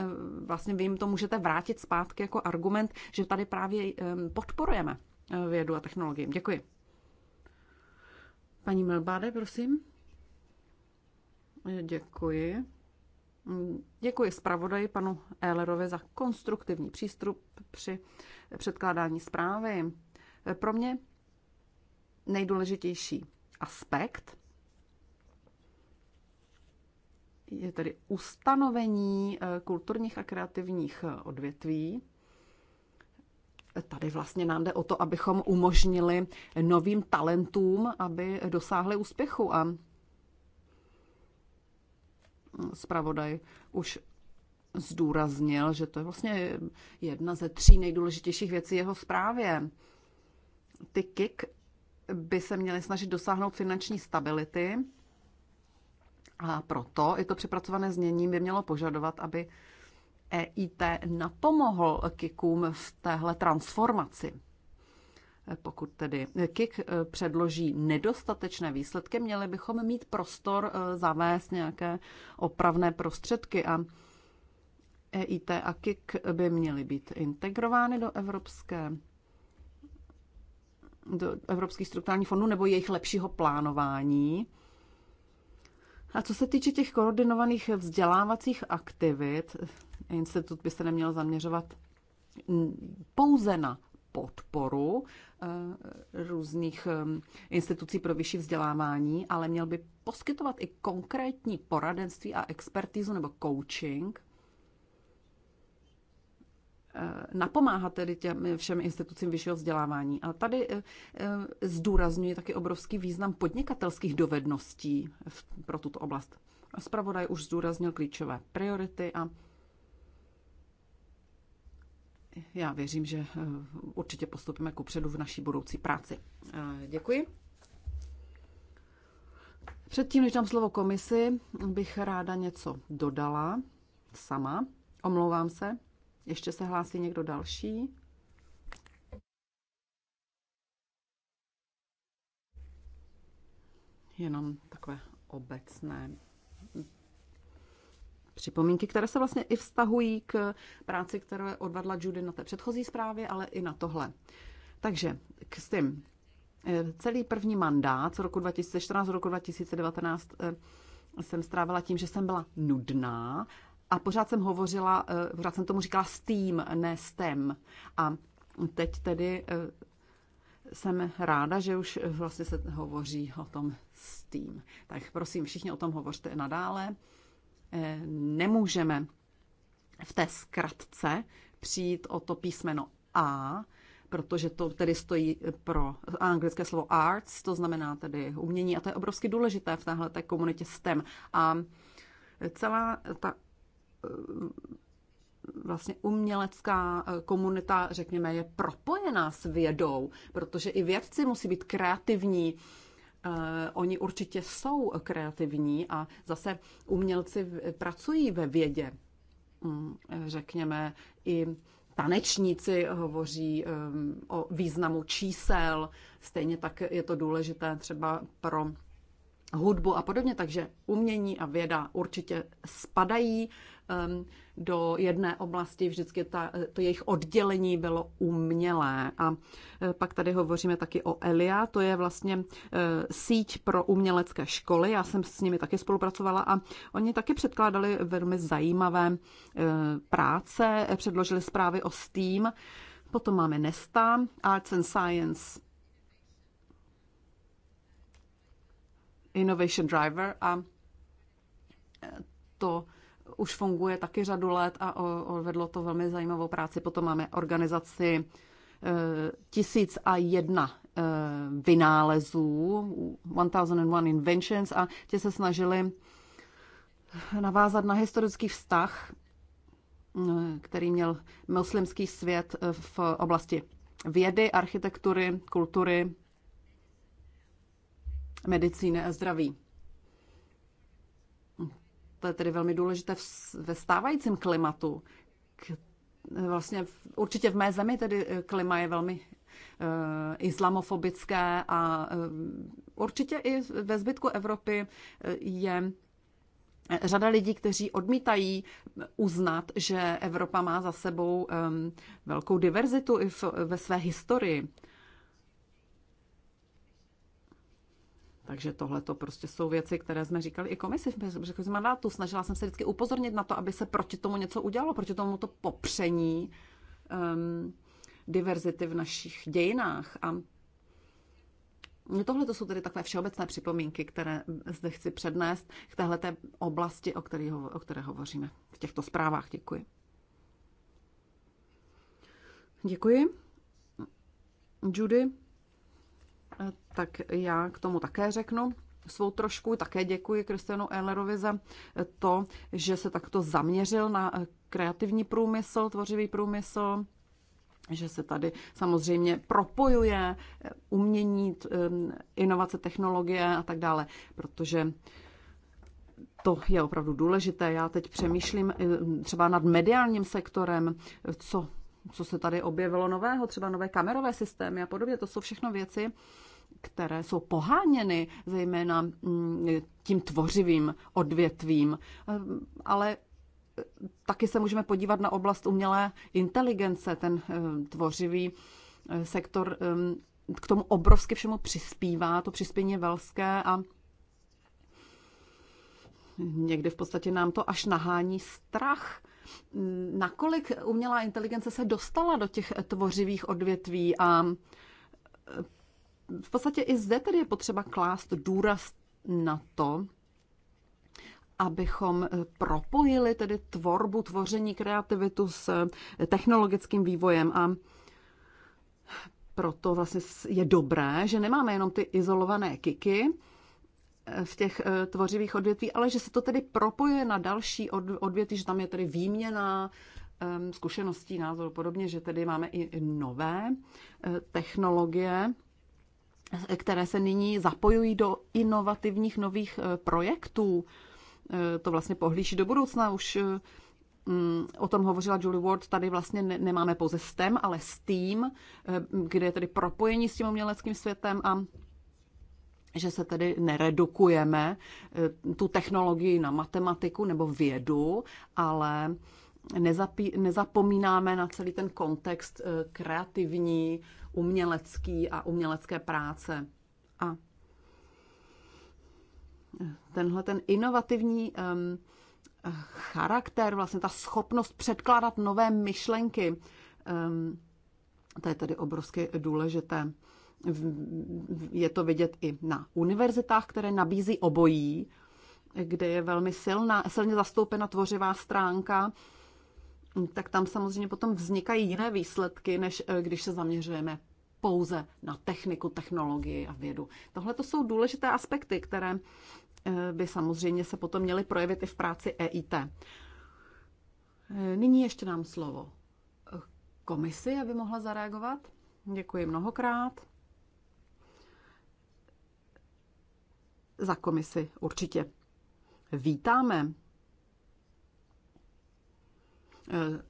vlastně vy jim to můžete vrátit zpátky jako argument, že tady právě podporujeme vědu a technologii. Děkuji. Paní Melbáde, prosím. Děkuji. Děkuji zpravodaji panu Ehlerovi za konstruktivní přístup při předkládání zprávy. Pro mě nejdůležitější aspekt je tedy ustanovení eh, kulturních a kreativních eh, odvětví. Tady vlastně nám jde o to, abychom umožnili novým talentům, aby dosáhli úspěchu. A zpravodaj už zdůraznil, že to je vlastně jedna ze tří nejdůležitějších věcí jeho zprávě. Ty KIK by se měly snažit dosáhnout finanční stability a proto i to přepracované znění by mělo požadovat, aby EIT napomohl KIKům v téhle transformaci. Pokud tedy KIK eh, předloží nedostatečné výsledky, měli bychom mít prostor eh, zavést nějaké opravné prostředky a EIT a KIK by měly být integrovány do evropské do evropských strukturálních fondů nebo jejich lepšího plánování. A co se týče těch koordinovaných vzdělávacích aktivit, institut by se neměl zaměřovat pouze na podporu eh, různých eh, institucí pro vyšší vzdělávání, ale měl by poskytovat i konkrétní poradenství a expertizu nebo coaching. Eh, Napomáhá tedy těm všem institucím vyššího vzdělávání. A tady zdůrazňuji taky obrovský význam podnikatelských dovedností pro tuto oblast. Spravodaj už zdůraznil klíčové priority a já věřím, že eh, určitě postupíme ku předu v naší budoucí práci. Eh, děkuji. Předtím, než dám slovo komisi, bych ráda něco dodala sama. Omlouvám se. Ještě se hlásí někdo další? Jenom takové obecné připomínky, které se vlastně i vztahují k práci, kterou odvedla Judy na té předchozí zprávě, ale i na tohle. Takže k s tím. Eh, celý první mandát z roku 2014 do roku 2019 eh, jsem strávila tím, že jsem byla nudná a pořád jsem hovořila, eh, pořád jsem tomu říkala tým, ne STEM. A teď tedy jsem ráda, že už vlastně se hovoří o tom tým. Tak prosím, všichni o tom hovořte nadále nemůžeme v té zkratce přijít o to písmeno A, protože to tedy stojí pro anglické slovo arts, to znamená tedy umění a to je obrovsky důležité v téhle komunitě STEM. A celá ta eh, vlastně umělecká eh, komunita, řekněme, je propojená s vědou, protože i vědci musí být kreativní, Eh, oni určitě jsou kreativní a zase umělci pracují ve vědě. Mm, řekněme, i tanečníci hovoří eh, o významu čísel, stejně tak je to důležité třeba pro hudbu a podobně, takže umění a věda určitě spadají um, do jedné oblasti, vždycky ta, eh, to jejich oddělení bylo umělé. A eh, pak tady hovoříme taky o ELIA, to je vlastně uh, síť pro umělecké školy, já jsem s nimi taky spolupracovala a oni taky předkládali velmi zajímavé uh, práce, předložili zprávy o STEAM, potom máme Nesta, Arts and Science Innovation Driver a e, to už funguje taky řadu let a odvedlo to velmi zajímavou práci. Potom máme organizaci e, tisíc a jedna e, vynálezů, 1001 Inventions a tě se snažili navázat na historický vztah, který měl muslimský svět v oblasti vědy, architektury, kultury medicíny a zdraví. To je tedy velmi důležité ve stávajícím klimatu. Vlastně určitě v mé zemi tedy eh, klima je velmi eh, islamofobické a eh, určitě i ve zbytku Evropy je řada lidí, kteří odmítají uznat, že Evropa má za sebou velkou diverzitu i ve své historii. Takže tohle to prostě jsou věci, které jsme říkali i komisi v předchozím mandátu. Snažila jsem se vždycky upozornit na to, aby se proti tomu něco udělalo, proti tomu to popření um, diverzity v našich dějinách. A tohle to jsou tedy takové všeobecné připomínky, které zde chci přednést k téhle oblasti, o které, o které hovoříme v těchto zprávách. Děkuji. Děkuji. Judy, tak já k tomu také řeknu svou trošku. Také děkuji Kristianu Ehlerovi za to, že se takto zaměřil na eh, kreativní průmysl, tvořivý průmysl, že se tady samozřejmě propojuje eh, umění, inovace, technologie a tak dále, protože to je opravdu důležité. Já teď přemýšlím eh, třeba nad mediálním sektorem, co co se tady objevilo nového, třeba nové kamerové systémy a podobně. To jsou všechno věci, které jsou poháněny zejména mm, tím tvořivým odvětvím. Eh, ale eh, taky se můžeme podívat na oblast umělé inteligence, ten eh, tvořivý sektor k tomu obrovsky všemu přispívá, to přispění je velské a někdy v podstatě nám to až nahání strach nakolik umělá inteligence se dostala do těch tvořivých odvětví a e, v podstatě i zde tedy je potřeba klást důraz na to, abychom e, propojili tedy tvorbu, tvoření, kreativitu s e, technologickým vývojem a proto vlastně je dobré, že nemáme jenom ty izolované kiky, v těch eh, tvořivých odvětví, ale že se to tedy propojuje na další odvětví, že tam je tedy výměna ehm, zkušeností, názor podobně, že tedy máme i nové eh, technologie, eh, které se nyní zapojují do inovativních nových projektů. To vlastně pohlíží do budoucna. Už mm, o tom hovořila Julie Ward, tady vlastně nemáme pouze STEM, ale STEAM, kde je tedy propojení s tím uměleckým světem a že se tedy neredukujeme eh, tu technologii na matematiku nebo vědu, ale nezapí, nezapomínáme na celý ten kontext eh, kreativní, umělecký a umělecké práce. A eh, tenhle ten inovativní um, charakter, vlastně ta schopnost předkládat nové myšlenky, um, to je tedy obrovsky důležité. Je to vidět i na univerzitách, které nabízí obojí, kde je velmi silná, silně zastoupena tvořivá stránka, tak tam samozřejmě potom vznikají jiné výsledky, než eh, když se zaměřujeme pouze na techniku, technologii a vědu. Tohle to jsou důležité aspekty, které eh, by samozřejmě se potom měly projevit i v práci EIT. Eh, nyní ještě nám slovo komisi, aby mohla zareagovat. Děkuji mnohokrát. za komisi určitě vítáme eh,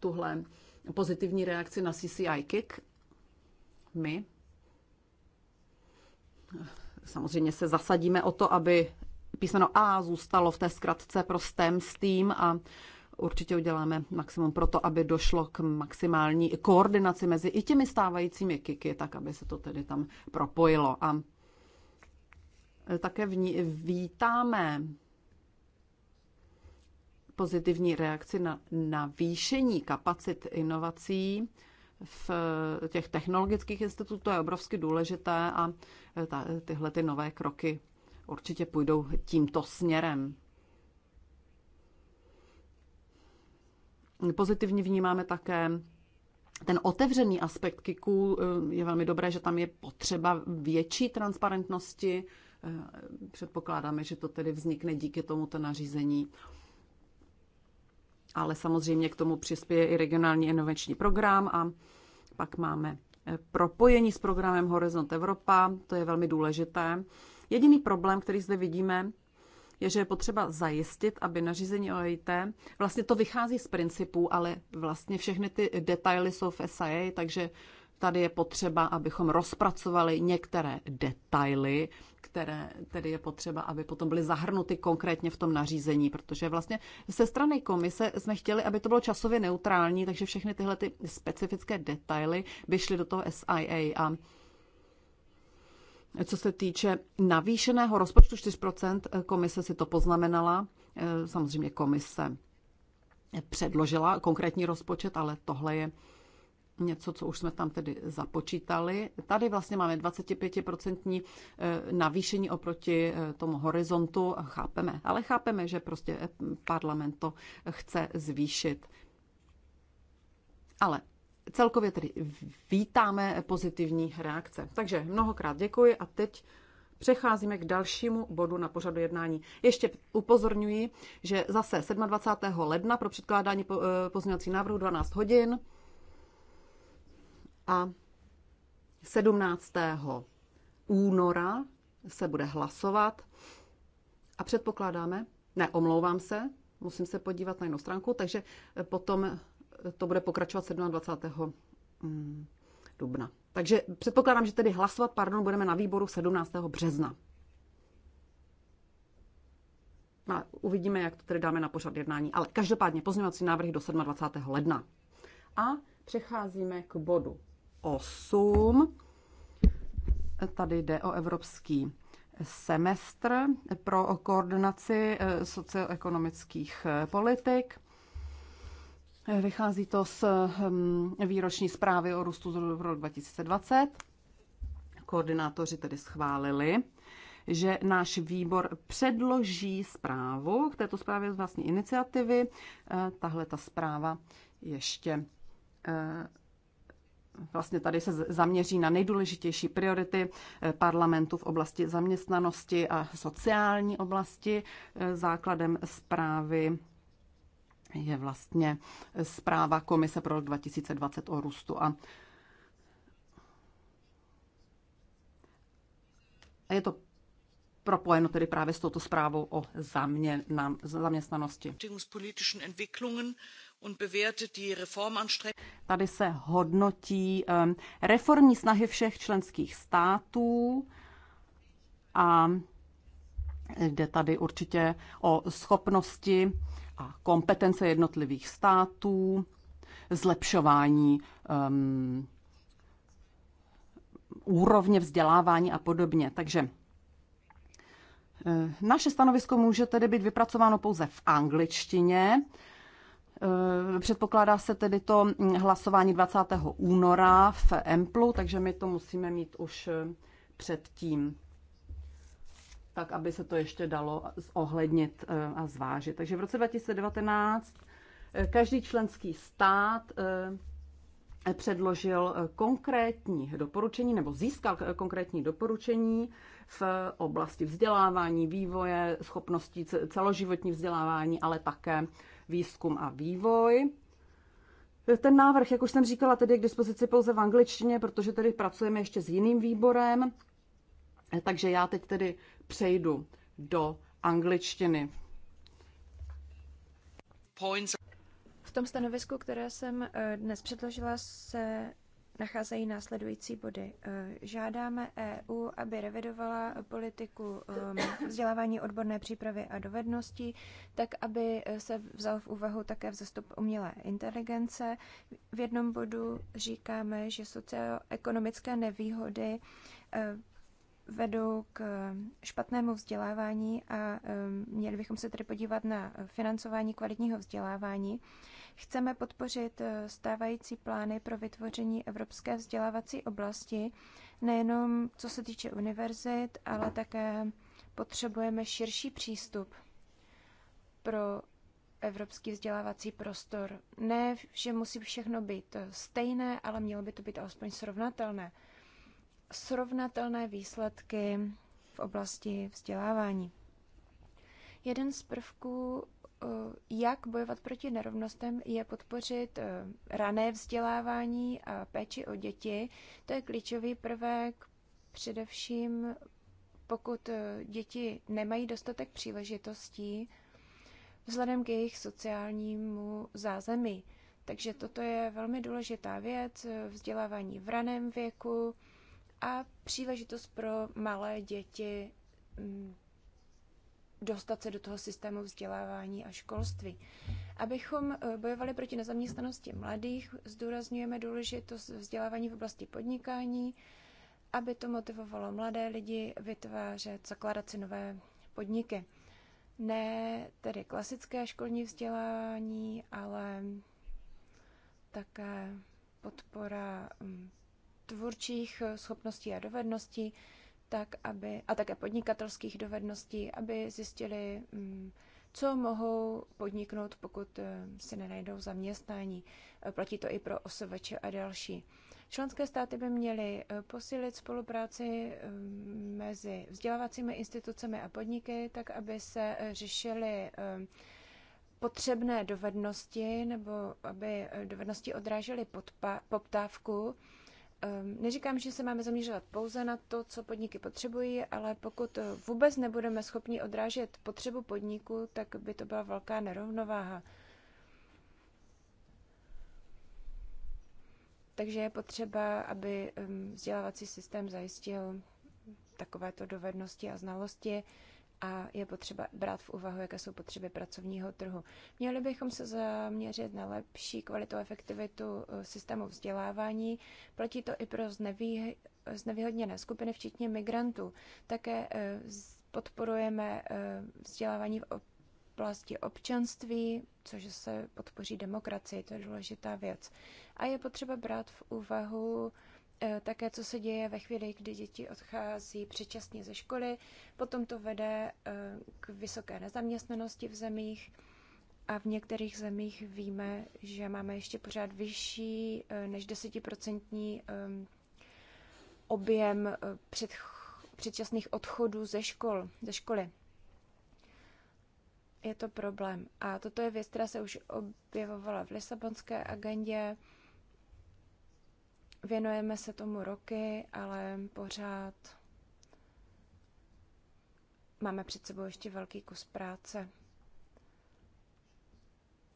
tuhle pozitivní reakci na CCI Kick. My eh, samozřejmě se zasadíme o to, aby písmeno A zůstalo v té zkratce pro STEM, tým a určitě uděláme maximum pro to, aby došlo k maximální koordinaci mezi i těmi stávajícími kiky, tak aby se to tedy tam propojilo. A Eh, také v ní vítáme pozitivní reakci na navýšení kapacit inovací v eh, těch technologických institutů. To je obrovsky důležité a eh, ta, tyhle ty nové kroky určitě půjdou tímto směrem. Pozitivně vnímáme také ten otevřený aspekt KIKů. Je velmi dobré, že tam je potřeba větší transparentnosti Eh, předpokládáme, že to tedy vznikne díky tomuto nařízení. Ale samozřejmě k tomu přispěje i regionální inovační program a pak máme eh, propojení s programem Horizont Evropa, to je velmi důležité. Jediný problém, který zde vidíme, je, že je potřeba zajistit, aby nařízení OIT, vlastně to vychází z principů, ale vlastně všechny ty detaily jsou v SIA, e, takže tady je potřeba, abychom rozpracovali některé detaily které tedy je potřeba, aby potom byly zahrnuty konkrétně v tom nařízení, protože vlastně se strany komise jsme chtěli, aby to bylo časově neutrální, takže všechny tyhle ty specifické detaily by šly do toho SIA a co se týče navýšeného rozpočtu 4%, eh, komise si to poznamenala, eh, samozřejmě komise předložila konkrétní rozpočet, ale tohle je něco, co už jsme tam tedy započítali. Tady vlastně máme 25% eh, navýšení oproti eh, tomu horizontu, chápeme, ale chápeme, že prostě eh, parlament to chce zvýšit. Ale celkově tedy vítáme pozitivní reakce. Takže mnohokrát děkuji a teď přecházíme k dalšímu bodu na pořadu jednání. Ještě upozorňuji, že zase 27. ledna pro předkládání pozměňovacích návrhů 12 hodin a 17. února se bude hlasovat a předpokládáme, ne, omlouvám se, musím se podívat na jinou stránku, takže potom to bude pokračovat 27. Mm, dubna. Takže předpokládám, že tedy hlasovat, pardon, budeme na výboru 17. března. No a uvidíme, jak to tedy dáme na pořad jednání. Ale každopádně pozměňovací návrhy do 27. ledna. A přecházíme k bodu 8. Tady jde o evropský semestr pro koordinaci eh, socioekonomických eh, politik. Eh, vychází to z hm, výroční zprávy o růstu z roku 2020. Koordinátoři tedy schválili, že náš výbor předloží zprávu k této zprávě z vlastní iniciativy. Tahle ta zpráva ještě vlastně tady se zaměří na nejdůležitější priority eh, parlamentu v oblasti zaměstnanosti a sociální oblasti. Eh, základem zprávy je vlastně zpráva Komise pro rok 2020 o růstu a je to propojeno tedy právě s touto zprávou o zaměstnanosti. Tady se hodnotí ehm, reformní snahy všech členských států a jde tady určitě o schopnosti a kompetence jednotlivých států, zlepšování um, úrovně vzdělávání a podobně. Takže eh, naše stanovisko může tedy být vypracováno pouze v angličtině Eh, předpokládá se tedy to hm, hlasování 20. února v Emplu, takže my to musíme mít už eh, předtím, tak aby se to ještě dalo zohlednit eh, a zvážit. Takže v roce 2019 každý členský stát předložil konkrétní doporučení nebo získal konkrétní doporučení v oblasti vzdělávání, vývoje, schopností celoživotní vzdělávání, ale také výzkum a vývoj. Ten návrh, jak už jsem říkala, tedy je k dispozici pouze v angličtině, protože tedy pracujeme ještě s jiným výborem. Takže já teď tedy přejdu do angličtiny. V tom stanovisku, které jsem eh, dnes předložila, se nacházejí následující body. Eh, žádáme EU, aby revidovala politiku ehm, vzdělávání odborné přípravy a dovedností, tak aby eh, se vzal v úvahu také vzestup umělé inteligence. V jednom bodu říkáme, že socioekonomické nevýhody eh, vedou k špatnému vzdělávání a ehm, měli bychom se tedy podívat na financování kvalitního vzdělávání. Chceme podpořit eh, stávající plány pro vytvoření evropské vzdělávací oblasti, nejenom co se týče univerzit, ale také potřebujeme širší přístup pro evropský vzdělávací prostor. Ne, že musí všechno být eh, stejné, ale mělo by to být alespoň srovnatelné. Srovnatelné výsledky v oblasti vzdělávání. Jeden z prvků jak bojovat proti nerovnostem, je podpořit e, rané vzdělávání a péči o děti. To je klíčový prvek, především pokud e, děti nemají dostatek příležitostí vzhledem k jejich sociálnímu zázemí. Takže toto je velmi důležitá věc, e, vzdělávání v raném věku a příležitost pro malé děti dostat se do toho systému vzdělávání a školství. Abychom eh, bojovali proti nezaměstnanosti mladých, zdůrazňujeme důležitost vzdělávání v oblasti podnikání, aby to motivovalo mladé lidi vytvářet, zakládat si nové podniky. Ne tedy klasické školní vzdělání, ale také podpora hm, tvůrčích eh, schopností a dovedností, tak aby, a také podnikatelských dovedností, aby zjistili, mm, co mohou podniknout, pokud eh, si nenajdou zaměstnání. Eh, platí to i pro osovače a další. Členské státy by měly eh, posílit spolupráci mm, mezi vzdělávacími institucemi a podniky, tak aby se řešily potřebné dovednosti nebo aby dovednosti odrážely poptávku Ehm, neříkám, že se máme zaměřovat pouze na to, co podniky potřebují, ale pokud eh, vůbec nebudeme schopni odrážet potřebu podniku, tak by to byla velká nerovnováha. Takže je potřeba, aby ehm, vzdělávací systém zajistil takovéto dovednosti a znalosti, a je potřeba brát v úvahu, jaké jsou potřeby pracovního trhu. Měli bychom se zaměřit na lepší kvalitu a efektivitu eh, systému vzdělávání. Platí to i pro znevý, znevýhodněné skupiny, včetně migrantů. Také eh, podporujeme eh, vzdělávání v oblasti občanství, což se podpoří demokracii, to je důležitá věc. A je potřeba brát v úvahu E, také co se děje ve chvíli, kdy děti odchází předčasně ze školy. Potom to vede e, k vysoké nezaměstnanosti v zemích a v některých zemích víme, že máme ještě pořád vyšší e, než desetiprocentní objem před, předčasných odchodů ze škol, ze školy. Je to problém. A toto je věc, která se už objevovala v Lisabonské agendě. Věnujeme se tomu roky, ale pořád máme před sebou ještě velký kus práce.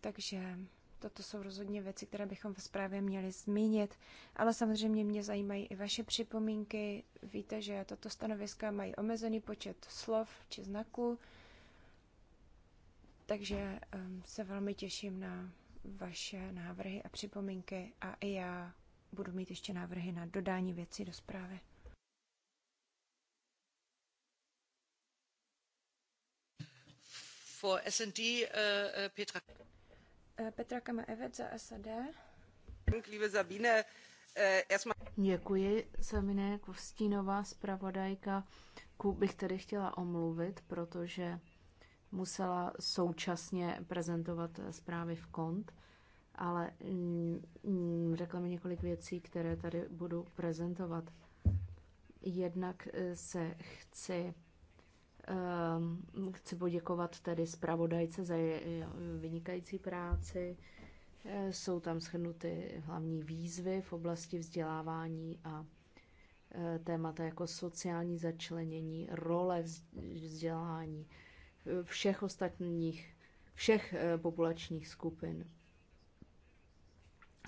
Takže toto jsou rozhodně věci, které bychom ve zprávě měli zmínit, ale samozřejmě mě zajímají i vaše připomínky. Víte, že tato stanoviska mají omezený počet slov či znaků, takže ehm, se velmi těším na vaše návrhy a připomínky a i já budu mít ještě návrhy na dodání věcí do zprávy. For SND uh, uh, Petra. Eh, Petra Kama-Evet za SAD. Liebe Sabine, eh, Děkuji, Samine Kostínová, jako zpravodajka. Ku bych tedy chtěla omluvit, protože musela současně prezentovat zprávy v kont ale mm, mm, řekla mi několik věcí, které tady budu prezentovat. Jednak eh, se chci ehm, chci poděkovat tedy zpravodajce za vynikající práci. Eh, jsou tam shrnuty hlavní výzvy v oblasti vzdělávání a eh, témata jako sociální začlenění, role vzdělání všech ostatních, všech populačních skupin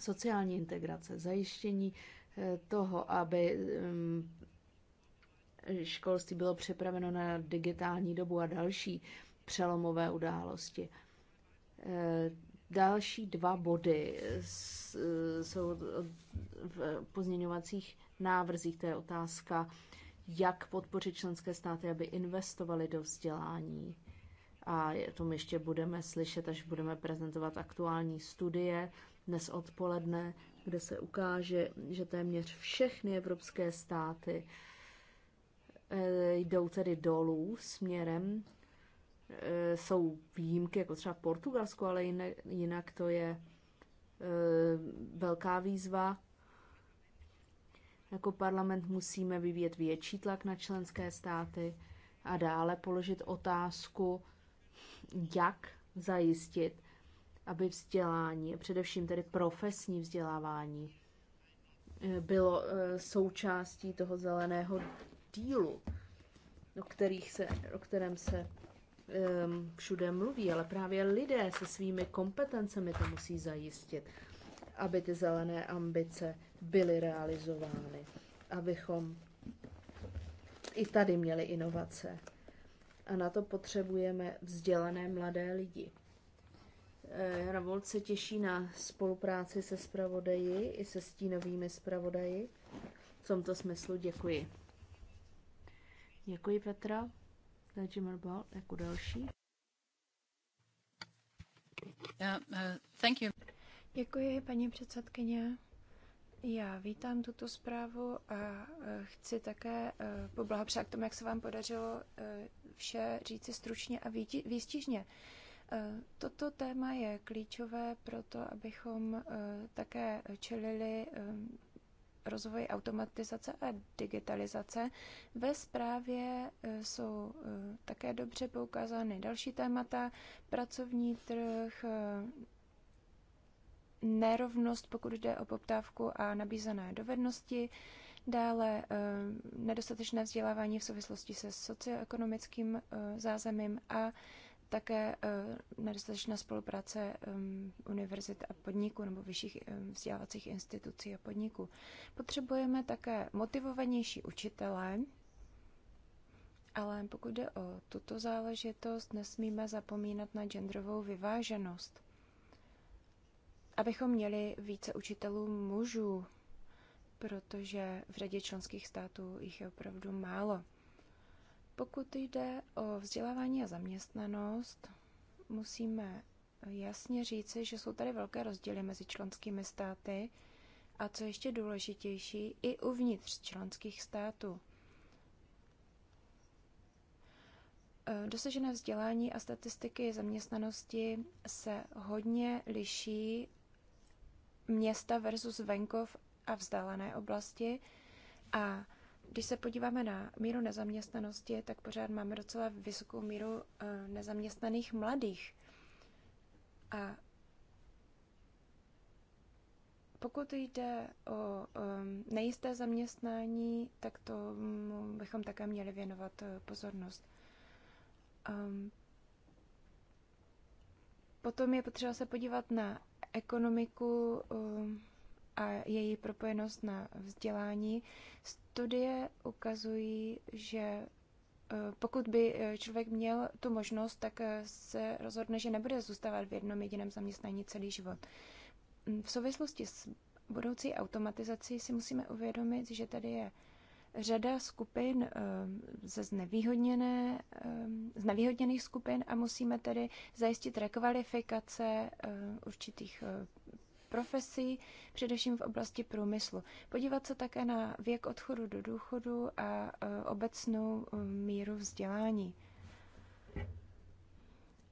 sociální integrace, zajištění eh, toho, aby mm, školství bylo připraveno na digitální dobu a další přelomové události. Eh, další dva body eh, jsou v pozměňovacích návrzích. To je otázka, jak podpořit členské státy, aby investovali do vzdělání. A o tom ještě budeme slyšet, až budeme prezentovat aktuální studie dnes odpoledne, kde se ukáže, že téměř všechny evropské státy eh, jdou tedy dolů směrem. Eh, jsou výjimky, jako třeba Portugalsko, ale jinak to je eh, velká výzva. Jako parlament musíme vyvíjet větší tlak na členské státy a dále položit otázku, jak zajistit, aby vzdělání, především tedy profesní vzdělávání, eh, bylo eh, součástí toho zeleného dílu, o, kterých se, o kterém se ehm, všude mluví, ale právě lidé se svými kompetencemi to musí zajistit, aby ty zelené ambice byly realizovány, abychom i tady měli inovace. A na to potřebujeme vzdělané mladé lidi. Eh, Ravolt se těší na spolupráci se zpravodaji i se stínovými zpravodaji. V tomto smyslu děkuji. Děkuji Petra. Takže Marbal jako další. Yeah, uh, thank you. Děkuji, paní předsedkyně. Já vítám tuto zprávu a eh, chci také eh, poblahopřát k tomu, jak se vám podařilo vše říci stručně a výstižně. Eh, toto téma je klíčové pro to, abychom eh, také čelili eh, rozvoji automatizace a digitalizace. Ve zprávě jsou také dobře poukázány další témata, pracovní trh, nerovnost, pokud jde o poptávku a nabízené dovednosti, dále nedostatečné vzdělávání v souvislosti se socioekonomickým zázemím a také eh, nedostatečná spolupráce ehm, univerzit a podniků nebo vyšších ehm, vzdělávacích institucí a podniků. Potřebujeme také motivovanější učitele, ale pokud jde o tuto záležitost, nesmíme zapomínat na genderovou vyváženost. Abychom měli více učitelů mužů, protože v řadě členských států jich je opravdu málo. Pokud jde o vzdělávání a zaměstnanost, musíme jasně říci, že jsou tady velké rozdíly mezi členskými státy a co ještě důležitější, i uvnitř členských států. E, dosažené vzdělání a statistiky zaměstnanosti se hodně liší města versus venkov a vzdálené oblasti a když se podíváme na míru nezaměstnanosti, tak pořád máme docela vysokou míru eh, nezaměstnaných mladých. A pokud jde o nejisté zaměstnání, tak to bychom také měli věnovat eh, pozornost. Potom je potřeba se podívat na ekonomiku a její propojenost na vzdělání. Studie ukazují, že e, pokud by e, člověk měl tu možnost, tak e, se rozhodne, že nebude zůstávat v jednom jediném zaměstnání celý život. Mm, v souvislosti s budoucí automatizací si musíme uvědomit, že tady je řada skupin ze znevýhodněné, znevýhodněných skupin a musíme tedy zajistit rekvalifikace určitých profesí, především v oblasti průmyslu. Podívat se také na věk odchodu do důchodu a e, obecnou e, míru vzdělání.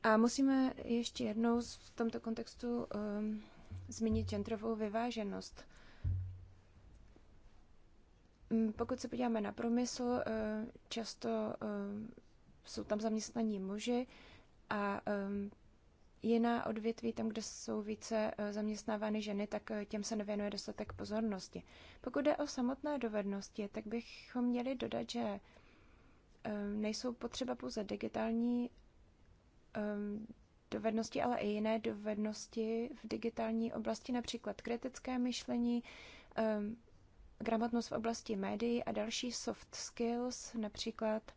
A musíme ještě jednou v tomto kontextu um, zmínit genderovou vyváženost. Pokud se podíváme na průmysl, často jsou tam zaměstnaní muži a jiná odvětví, tam, kde jsou více eh, zaměstnávány ženy, tak eh, těm se nevěnuje dostatek pozornosti. Pokud jde o samotné dovednosti, tak bychom měli dodat, že eh, nejsou potřeba pouze digitální dovednosti, ale i jiné dovednosti v digitální oblasti, například kritické myšlení, gramotnost v oblasti médií a další soft skills, například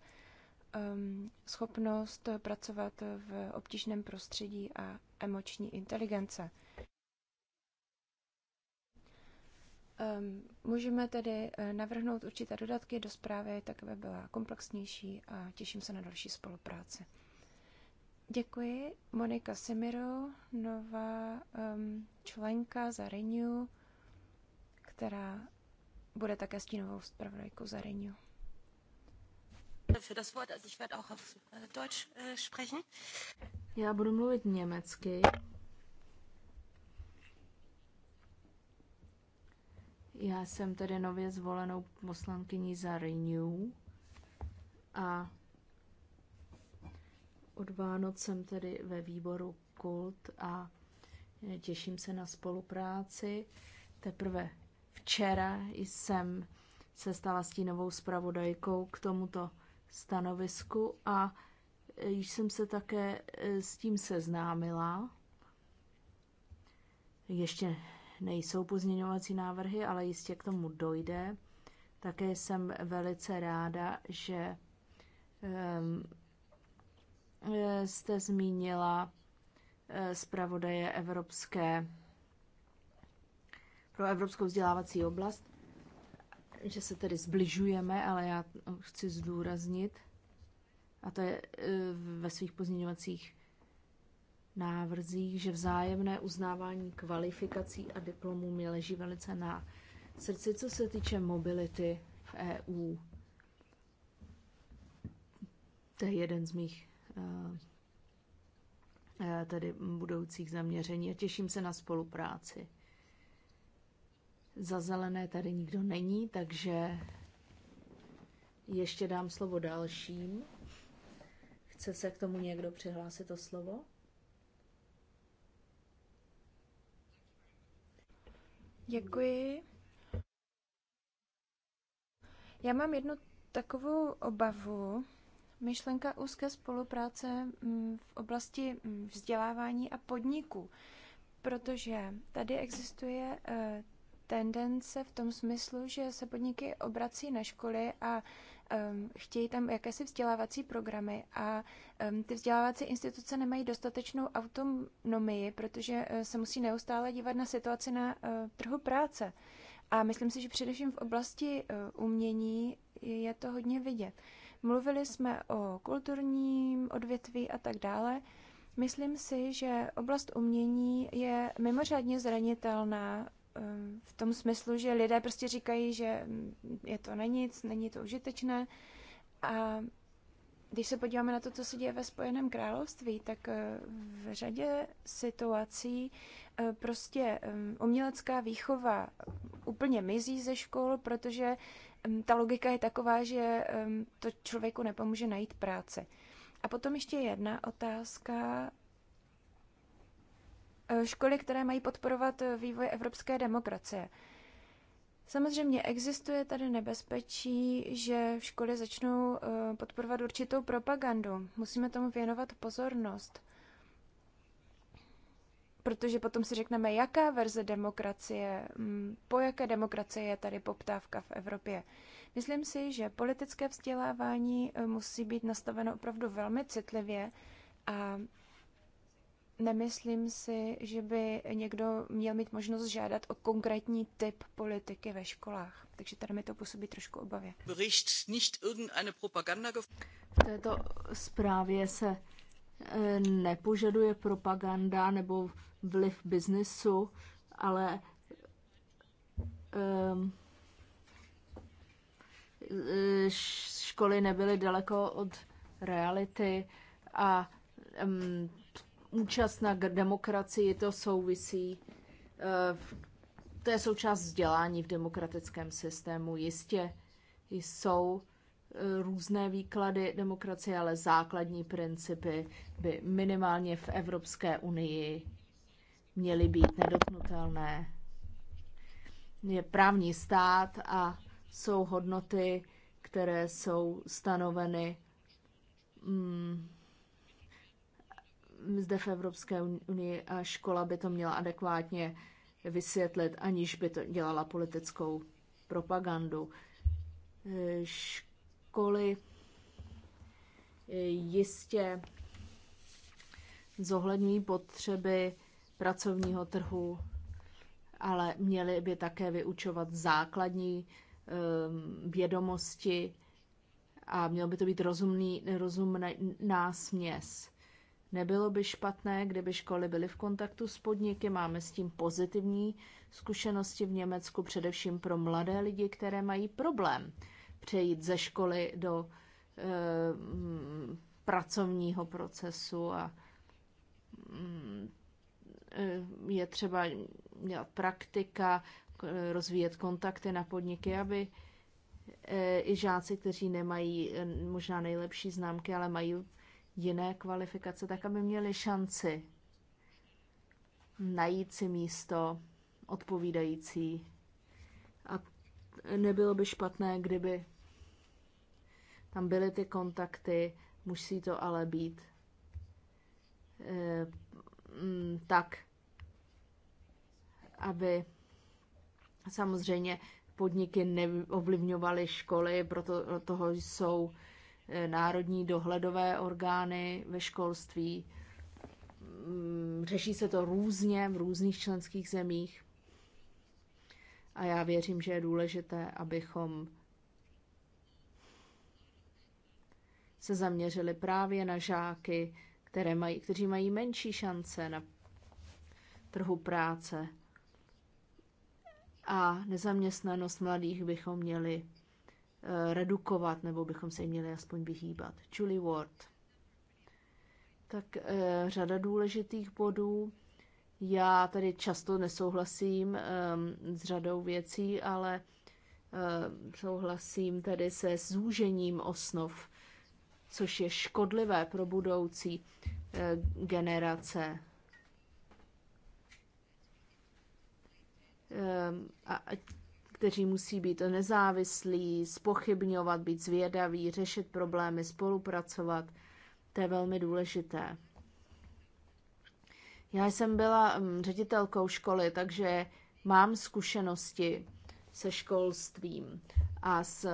um, schopnost pracovat v obtížném prostředí a emoční inteligence. Um, můžeme tedy eh, navrhnout určité dodatky do zprávy, tak aby byla komplexnější a těším se na další spolupráci. Děkuji. Monika Semiro, nová um, členka za Renew, která bude také stínovou zpravodajkou za Renew. Äh, äh, Já budu mluvit německy. Já jsem tedy nově zvolenou poslankyní za Renew a od Vánoc jsem tedy ve výboru Kult a eh, těším se na spolupráci. Teprve včera jsem se stala stínovou zpravodajkou k tomuto stanovisku a již jsem se také eh, s tím seznámila. Ještě nejsou pozměňovací návrhy, ale jistě k tomu dojde. Také jsem velice ráda, že ehm, eh, jste zmínila eh, zpravodaje Evropské pro Evropskou vzdělávací oblast že se tedy zbližujeme, ale já chci zdůraznit, a to je e, ve svých pozměňovacích návrzích, že vzájemné uznávání kvalifikací a diplomů mi leží velice na srdci, co se týče mobility v EU. To je jeden z mých e, e, tedy budoucích zaměření a těším se na spolupráci. Za zelené tady nikdo není, takže ještě dám slovo dalším. Chce se k tomu někdo přihlásit to slovo? Děkuji. Já mám jednu takovou obavu. Myšlenka úzké spolupráce mm, v oblasti mm, vzdělávání a podniku, protože tady existuje eh, tendence v tom smyslu, že se podniky obrací na školy a um, chtějí tam jakési vzdělávací programy a um, ty vzdělávací instituce nemají dostatečnou autonomii, protože uh, se musí neustále dívat na situaci na uh, trhu práce. A myslím si, že především v oblasti uh, umění je to hodně vidět. Mluvili jsme o kulturním odvětví a tak dále. Myslím si, že oblast umění je mimořádně zranitelná Ehm, v tom smyslu, že lidé prostě říkají, že mm, je to na nic, není to užitečné. A když se podíváme na to, co se děje ve Spojeném království, tak eh, v řadě situací eh, prostě ehm, umělecká výchova úplně mizí ze škol, protože ehm, ta logika je taková, že to člověku nepomůže najít práce. A potom ještě jedna otázka, Eh, školy, které mají podporovat eh, vývoj evropské demokracie. Samozřejmě existuje tady nebezpečí, že v školy začnou eh, podporovat určitou propagandu. Musíme tomu věnovat pozornost. Protože potom si řekneme, jaká verze demokracie, mm, po jaké demokracie je tady poptávka v Evropě. Myslím si, že politické vzdělávání musí být nastaveno opravdu velmi citlivě a Nemyslím si, že by někdo měl mít možnost žádat o konkrétní typ politiky ve školách. Takže tady mi to působí trošku obavě. V této zprávě se eh, nepožaduje propaganda nebo vliv biznesu, ale um, školy nebyly daleko od reality a um, účast na demokracii, to souvisí, eh, to je součást vzdělání v demokratickém systému. Jistě jsou eh, různé výklady demokracie, ale základní principy by minimálně v Evropské unii měly být nedotknutelné. Je právní stát a jsou hodnoty, které jsou stanoveny mm, zde v Evropské unii a škola by to měla adekvátně vysvětlit, aniž by to dělala politickou propagandu. Školy jistě zohledňují potřeby pracovního trhu, ale měly by také vyučovat základní ehm, vědomosti a měl by to být rozumný, rozumný násměs. Nebylo by špatné, kdyby školy byly v kontaktu s podniky. Máme s tím pozitivní zkušenosti v Německu, především pro mladé lidi, které mají problém přejít ze školy do e, pracovního procesu a e, je třeba dělat praktika, rozvíjet kontakty na podniky, aby eh, i žáci, kteří nemají možná nejlepší známky, ale mají jiné kvalifikace, tak aby měli šanci najít si místo odpovídající. A nebylo by špatné, kdyby tam byly ty kontakty, musí to ale být e, tak, aby samozřejmě podniky neovlivňovaly školy, proto toho jsou Eh, národní dohledové orgány ve školství. Mm, řeší se to různě v různých členských zemích. A já věřím, že je důležité, abychom se zaměřili právě na žáky, které mají, kteří mají menší šance na trhu práce. A nezaměstnanost mladých bychom měli Eh, redukovat, nebo bychom se jim měli aspoň vyhýbat. Julie word. Tak eh, řada důležitých bodů. Já tady často nesouhlasím ehm, s řadou věcí, ale eh, souhlasím tedy se zúžením osnov, což je škodlivé pro budoucí generace. Ehm, a kteří musí být nezávislí, spochybňovat, být zvědaví, řešit problémy, spolupracovat. To je velmi důležité. Já jsem byla mm, ředitelkou školy, takže mám zkušenosti se školstvím a s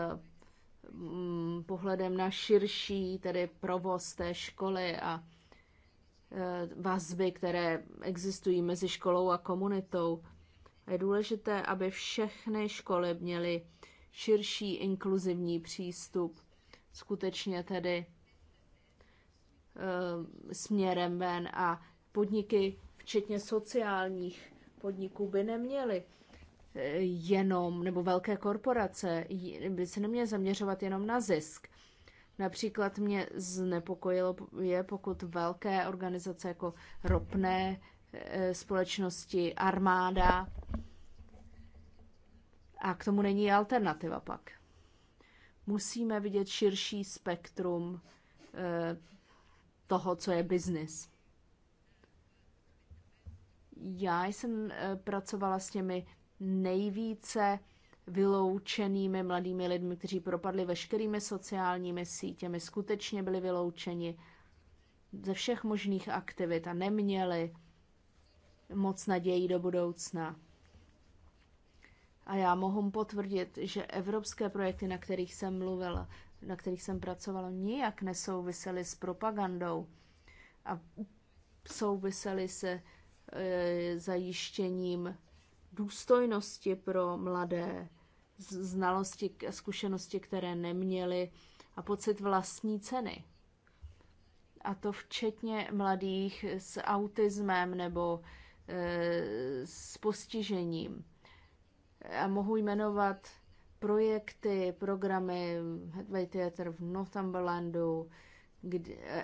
mm, pohledem na širší, tedy provoz té školy a e, vazby, které existují mezi školou a komunitou. Je důležité, aby všechny školy měly širší inkluzivní přístup, skutečně tedy e, směrem ven a podniky, včetně sociálních podniků, by neměly eh, jenom, nebo velké korporace, by se neměly zaměřovat jenom na zisk. Například mě znepokojilo je, pokud velké organizace jako ropné Eh, společnosti, armáda. A k tomu není alternativa pak. Musíme vidět širší spektrum eh, toho, co je biznis. Já jsem eh, pracovala s těmi nejvíce vyloučenými mladými lidmi, kteří propadli veškerými sociálními sítěmi, skutečně byli vyloučeni ze všech možných aktivit a neměli moc nadějí do budoucna. A já mohu potvrdit, že evropské projekty, na kterých jsem mluvila, na kterých jsem pracovala, nijak nesouvisely s propagandou a souvisely se e, zajištěním důstojnosti pro mladé, znalosti a zkušenosti, které neměli a pocit vlastní ceny. A to včetně mladých s autismem nebo Eh, s postižením. A mohu jmenovat projekty, programy Headway Theatre v Northumberlandu,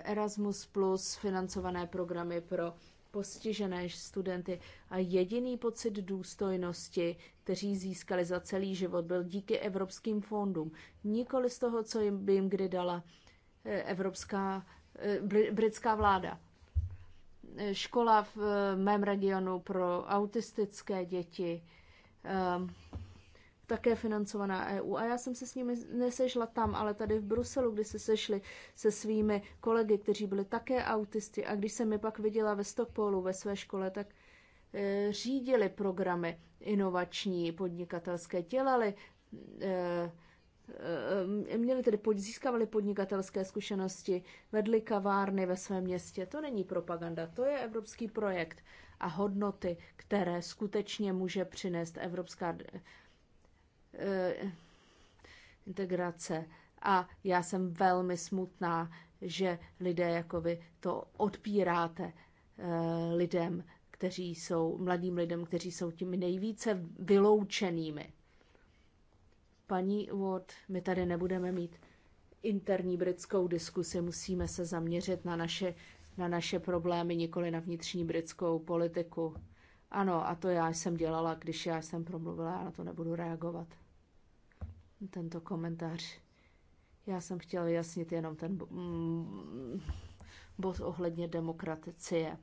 Erasmus+, Plus, financované programy pro postižené studenty a jediný pocit důstojnosti, kteří získali za celý život, byl díky evropským fondům. Nikoli z toho, co jim by jim kdy dala eh, evropská, eh, britská vláda škola v eh, mém regionu pro autistické děti, ehm, také financovaná EU. A já jsem se s nimi nesešla tam, ale tady v Bruselu, kdy se sešli se svými kolegy, kteří byli také autisti. A když jsem je pak viděla ve Stokpolu, ve své škole, tak eh, řídili programy inovační, podnikatelské, dělali eh, Eh, měli tedy, získávali podnikatelské zkušenosti, vedli kavárny ve svém městě. To není propaganda, to je evropský projekt a hodnoty, které skutečně může přinést evropská eh, integrace. A já jsem velmi smutná, že lidé jako vy to odpíráte eh, lidem, kteří jsou, mladým lidem, kteří jsou těmi nejvíce vyloučenými. Paní Ward, my tady nebudeme mít interní britskou diskusi, musíme se zaměřit na naše, na naše problémy, nikoli na vnitřní britskou politiku. Ano, a to já jsem dělala, když já jsem promluvila, já na to nebudu reagovat. Tento komentář. Já jsem chtěla vyjasnit jenom ten mm, bod ohledně demokracie.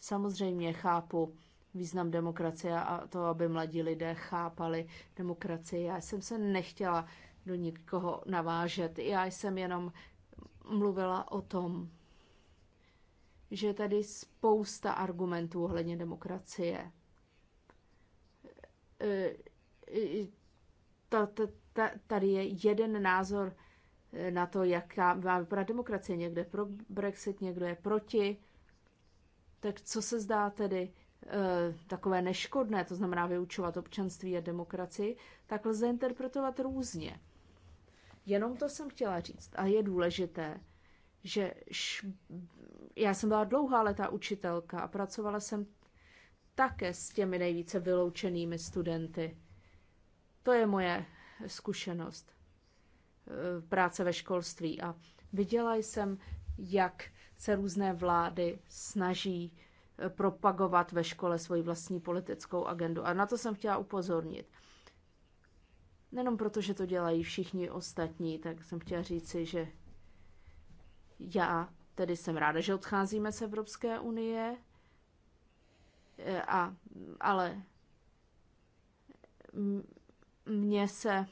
Samozřejmě chápu význam demokracie a to, aby mladí lidé chápali demokracii. Já jsem se nechtěla do nikoho navážet. Já jsem jenom mluvila o tom, že je tady spousta argumentů ohledně demokracie. E, e, tady je jeden názor e, na to, jak má vypadat demokracie. Někde pro Brexit, někdo je proti. Tak co se zdá tedy? Eh, takové neškodné, to znamená vyučovat občanství a demokracii, tak lze interpretovat různě. Jenom to jsem chtěla říct. A je důležité, že š... já jsem byla dlouhá leta učitelka a pracovala jsem také s těmi nejvíce vyloučenými studenty. To je moje zkušenost eh, práce ve školství a viděla jsem, jak se různé vlády snaží propagovat ve škole svoji vlastní politickou agendu. A na to jsem chtěla upozornit. Nenom proto, že to dělají všichni ostatní, tak jsem chtěla říci, že já tedy jsem ráda, že odcházíme z Evropské unie, e, a, ale mně se,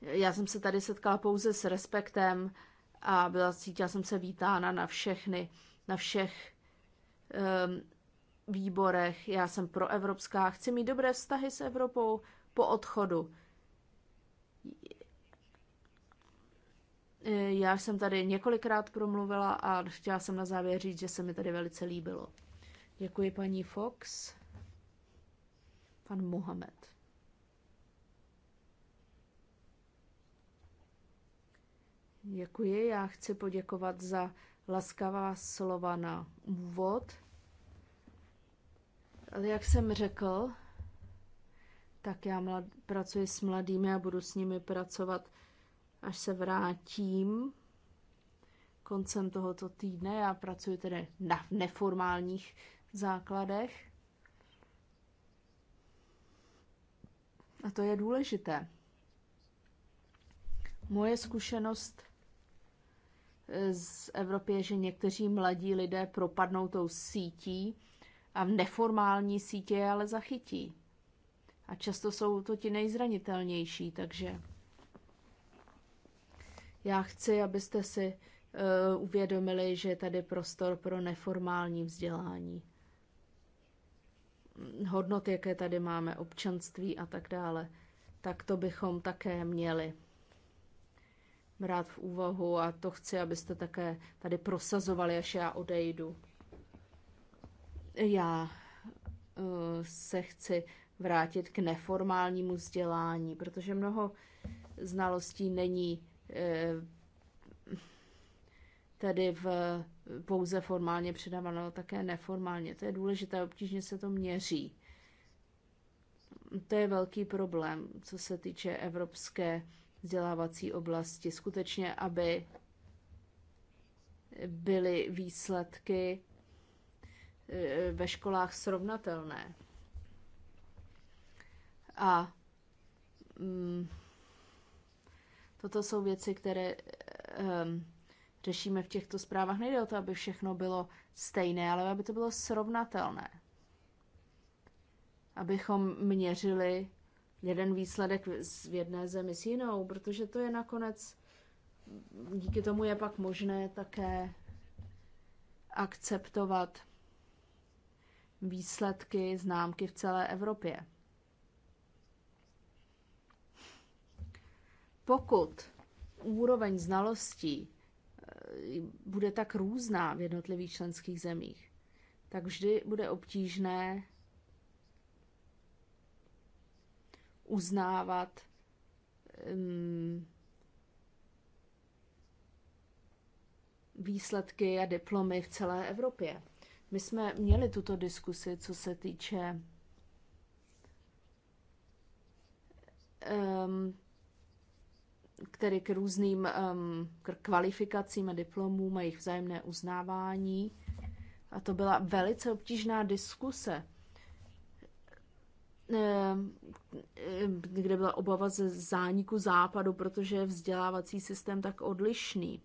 já jsem se tady setkala pouze s respektem a byla, cítila jsem se vítána na všechny, na všech Ehm, výborech. Já jsem pro evropská, chci mít dobré vztahy s Evropou po odchodu. E, já jsem tady několikrát promluvila a chtěla jsem na závěr říct, že se mi tady velice líbilo. Děkuji paní Fox. Pan Mohamed. Děkuji, já chci poděkovat za laskavá slova na úvod. Jak jsem řekl, tak já mlad, pracuji s mladými a budu s nimi pracovat, až se vrátím koncem tohoto týdne. Já pracuji tedy na neformálních základech. A to je důležité. Moje zkušenost z Evropy je, že někteří mladí lidé propadnou tou sítí a v neformální sítě je ale zachytí. A často jsou to ti nejzranitelnější, takže já chci, abyste si uh, uvědomili, že je tady prostor pro neformální vzdělání. Hodnot, jaké tady máme, občanství a tak dále, tak to bychom také měli brát v úvahu a to chci, abyste také tady prosazovali, až já odejdu. Já eh, se chci vrátit k neformálnímu vzdělání, protože mnoho znalostí není eh, tedy v pouze formálně předáváno, ale také neformálně. To je důležité, obtížně se to měří. To je velký problém, co se týče evropské vzdělávací oblasti, skutečně, aby byly výsledky eh, ve školách srovnatelné. A mm, toto jsou věci, které um, řešíme v těchto zprávách. Nejde o to, aby všechno bylo stejné, ale aby to bylo srovnatelné. Abychom měřili jeden výsledek v jedné zemi s jinou, protože to je nakonec, díky tomu je pak možné také akceptovat výsledky známky v celé Evropě. Pokud úroveň znalostí eh, bude tak různá v jednotlivých členských zemích, tak vždy bude obtížné uznávat um, výsledky a diplomy v celé Evropě. My jsme měli tuto diskusi, co se týče um, ehm, který k různým um, k kvalifikacím a diplomům a jejich vzájemné uznávání. A to byla velice obtížná diskuse Eh, kde byla obava ze zániku západu, protože je vzdělávací systém tak odlišný.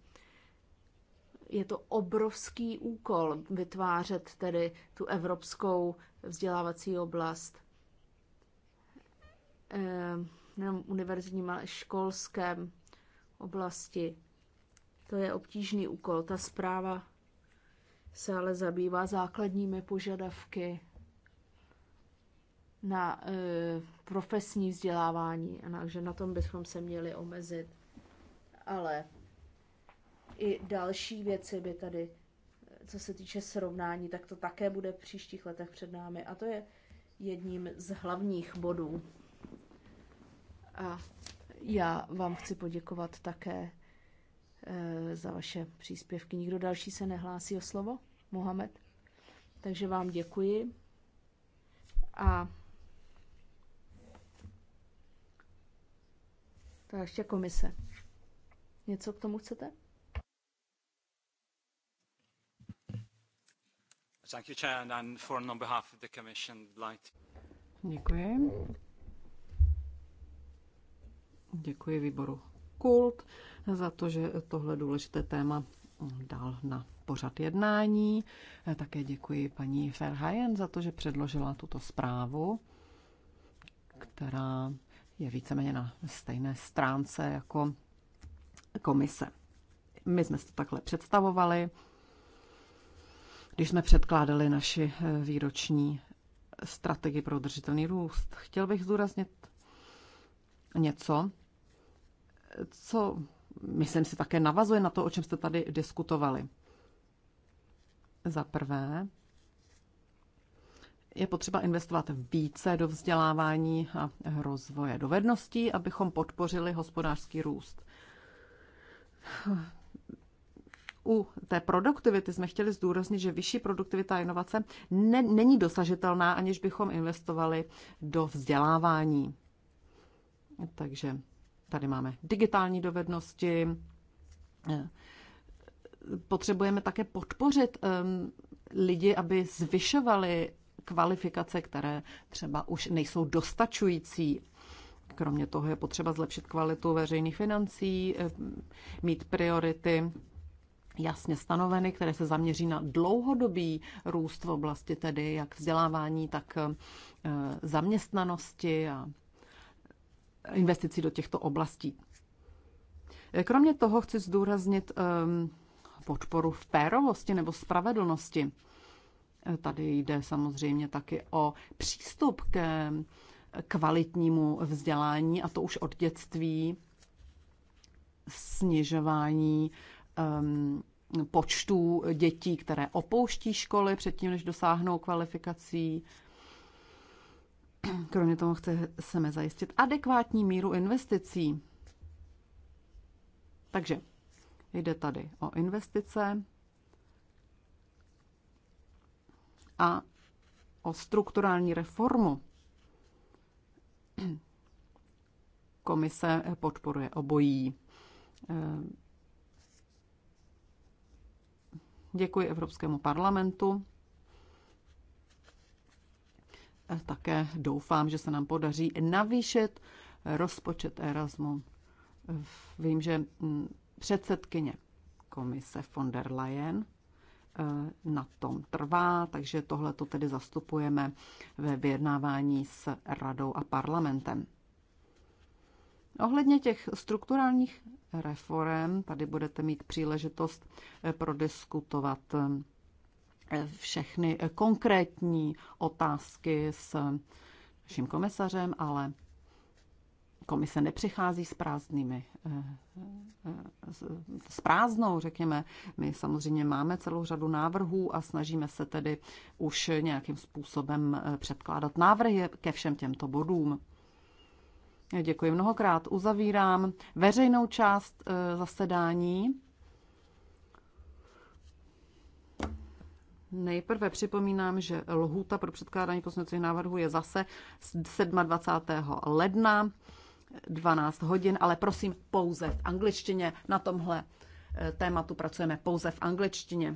Je to obrovský úkol vytvářet tedy tu evropskou vzdělávací oblast. Nejenom eh, univerzitním, ale školské oblasti. To je obtížný úkol. Ta zpráva se ale zabývá základními požadavky na e, profesní vzdělávání, takže na tom bychom se měli omezit. Ale i další věci by tady, eh, co se týče srovnání, tak to také bude v příštích letech před námi. A to je jedním z hlavních bodů. A já vám chci poděkovat také e, za vaše příspěvky. Nikdo další se nehlásí o slovo? Mohamed? Takže vám děkuji. A ještě komise. Něco k tomu chcete? Thank you, Chair, and for on behalf of the Commission, Děkuji. Děkuji výboru Kult za to, že tohle důležité téma dal na pořad jednání. Také děkuji paní Ferhajen za to, že předložila tuto zprávu, která je víceméně na stejné stránce jako komise. My jsme si to takhle představovali, když jsme předkládali naši eh, výroční strategii pro udržitelný růst. Chtěl bych zdůraznit něco, co myslím si také navazuje na to, o čem jste tady diskutovali. Za prvé, je potřeba investovat více do vzdělávání a rozvoje dovedností, abychom podpořili hospodářský růst. U té produktivity jsme chtěli zdůraznit, že vyšší produktivita a inovace ne, není dosažitelná, aniž bychom investovali do vzdělávání. Takže tady máme digitální dovednosti. Potřebujeme také podpořit ehm, lidi, aby zvyšovali kvalifikace, které třeba už nejsou dostačující. Kromě toho je potřeba zlepšit kvalitu veřejných financí, eh, mít priority jasně stanoveny, které se zaměří na dlouhodobý růst v oblasti tedy jak vzdělávání, tak eh, zaměstnanosti a investicí do těchto oblastí. Eh, kromě toho chci zdůraznit ehm, podporu v pérovosti nebo spravedlnosti. Tady jde samozřejmě taky o přístup ke kvalitnímu vzdělání, a to už od dětství, snižování um, počtu dětí, které opouští školy předtím, než dosáhnou kvalifikací. Kromě toho chceme zajistit adekvátní míru investicí. Takže jde tady o investice, a o strukturální reformu. Komise podporuje obojí. Děkuji Evropskému parlamentu. Také doufám, že se nám podaří navýšit rozpočet Erasmu. Vím, že předsedkyně komise von der Leyen Eh, na tom trvá, takže tohle to tedy zastupujeme ve vyjednávání s radou a parlamentem. Ohledně těch strukturálních reform, tady budete mít příležitost eh, prodiskutovat eh, všechny konkrétní otázky s naším komisařem, ale komise nepřichází s prázdnými, eh, eh, s prázdnou, řekněme. My samozřejmě máme celou řadu návrhů a snažíme se tedy už nějakým způsobem eh, předkládat návrhy ke všem těmto bodům. Děkuji mnohokrát. Uzavírám veřejnou část zasedání. Nejprve připomínám, že lhůta pro předkládání poslaneckých návrhů je zase 27. ledna 12 hodin, ale prosím pouze v angličtině. Na tomhle eh, tématu pracujeme pouze v angličtině.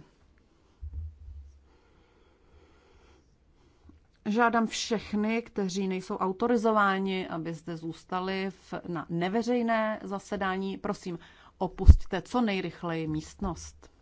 Žádám všechny, kteří nejsou autorizováni, aby zde zůstali v, na neveřejné zasedání. Prosím, opustte co nejrychleji místnost.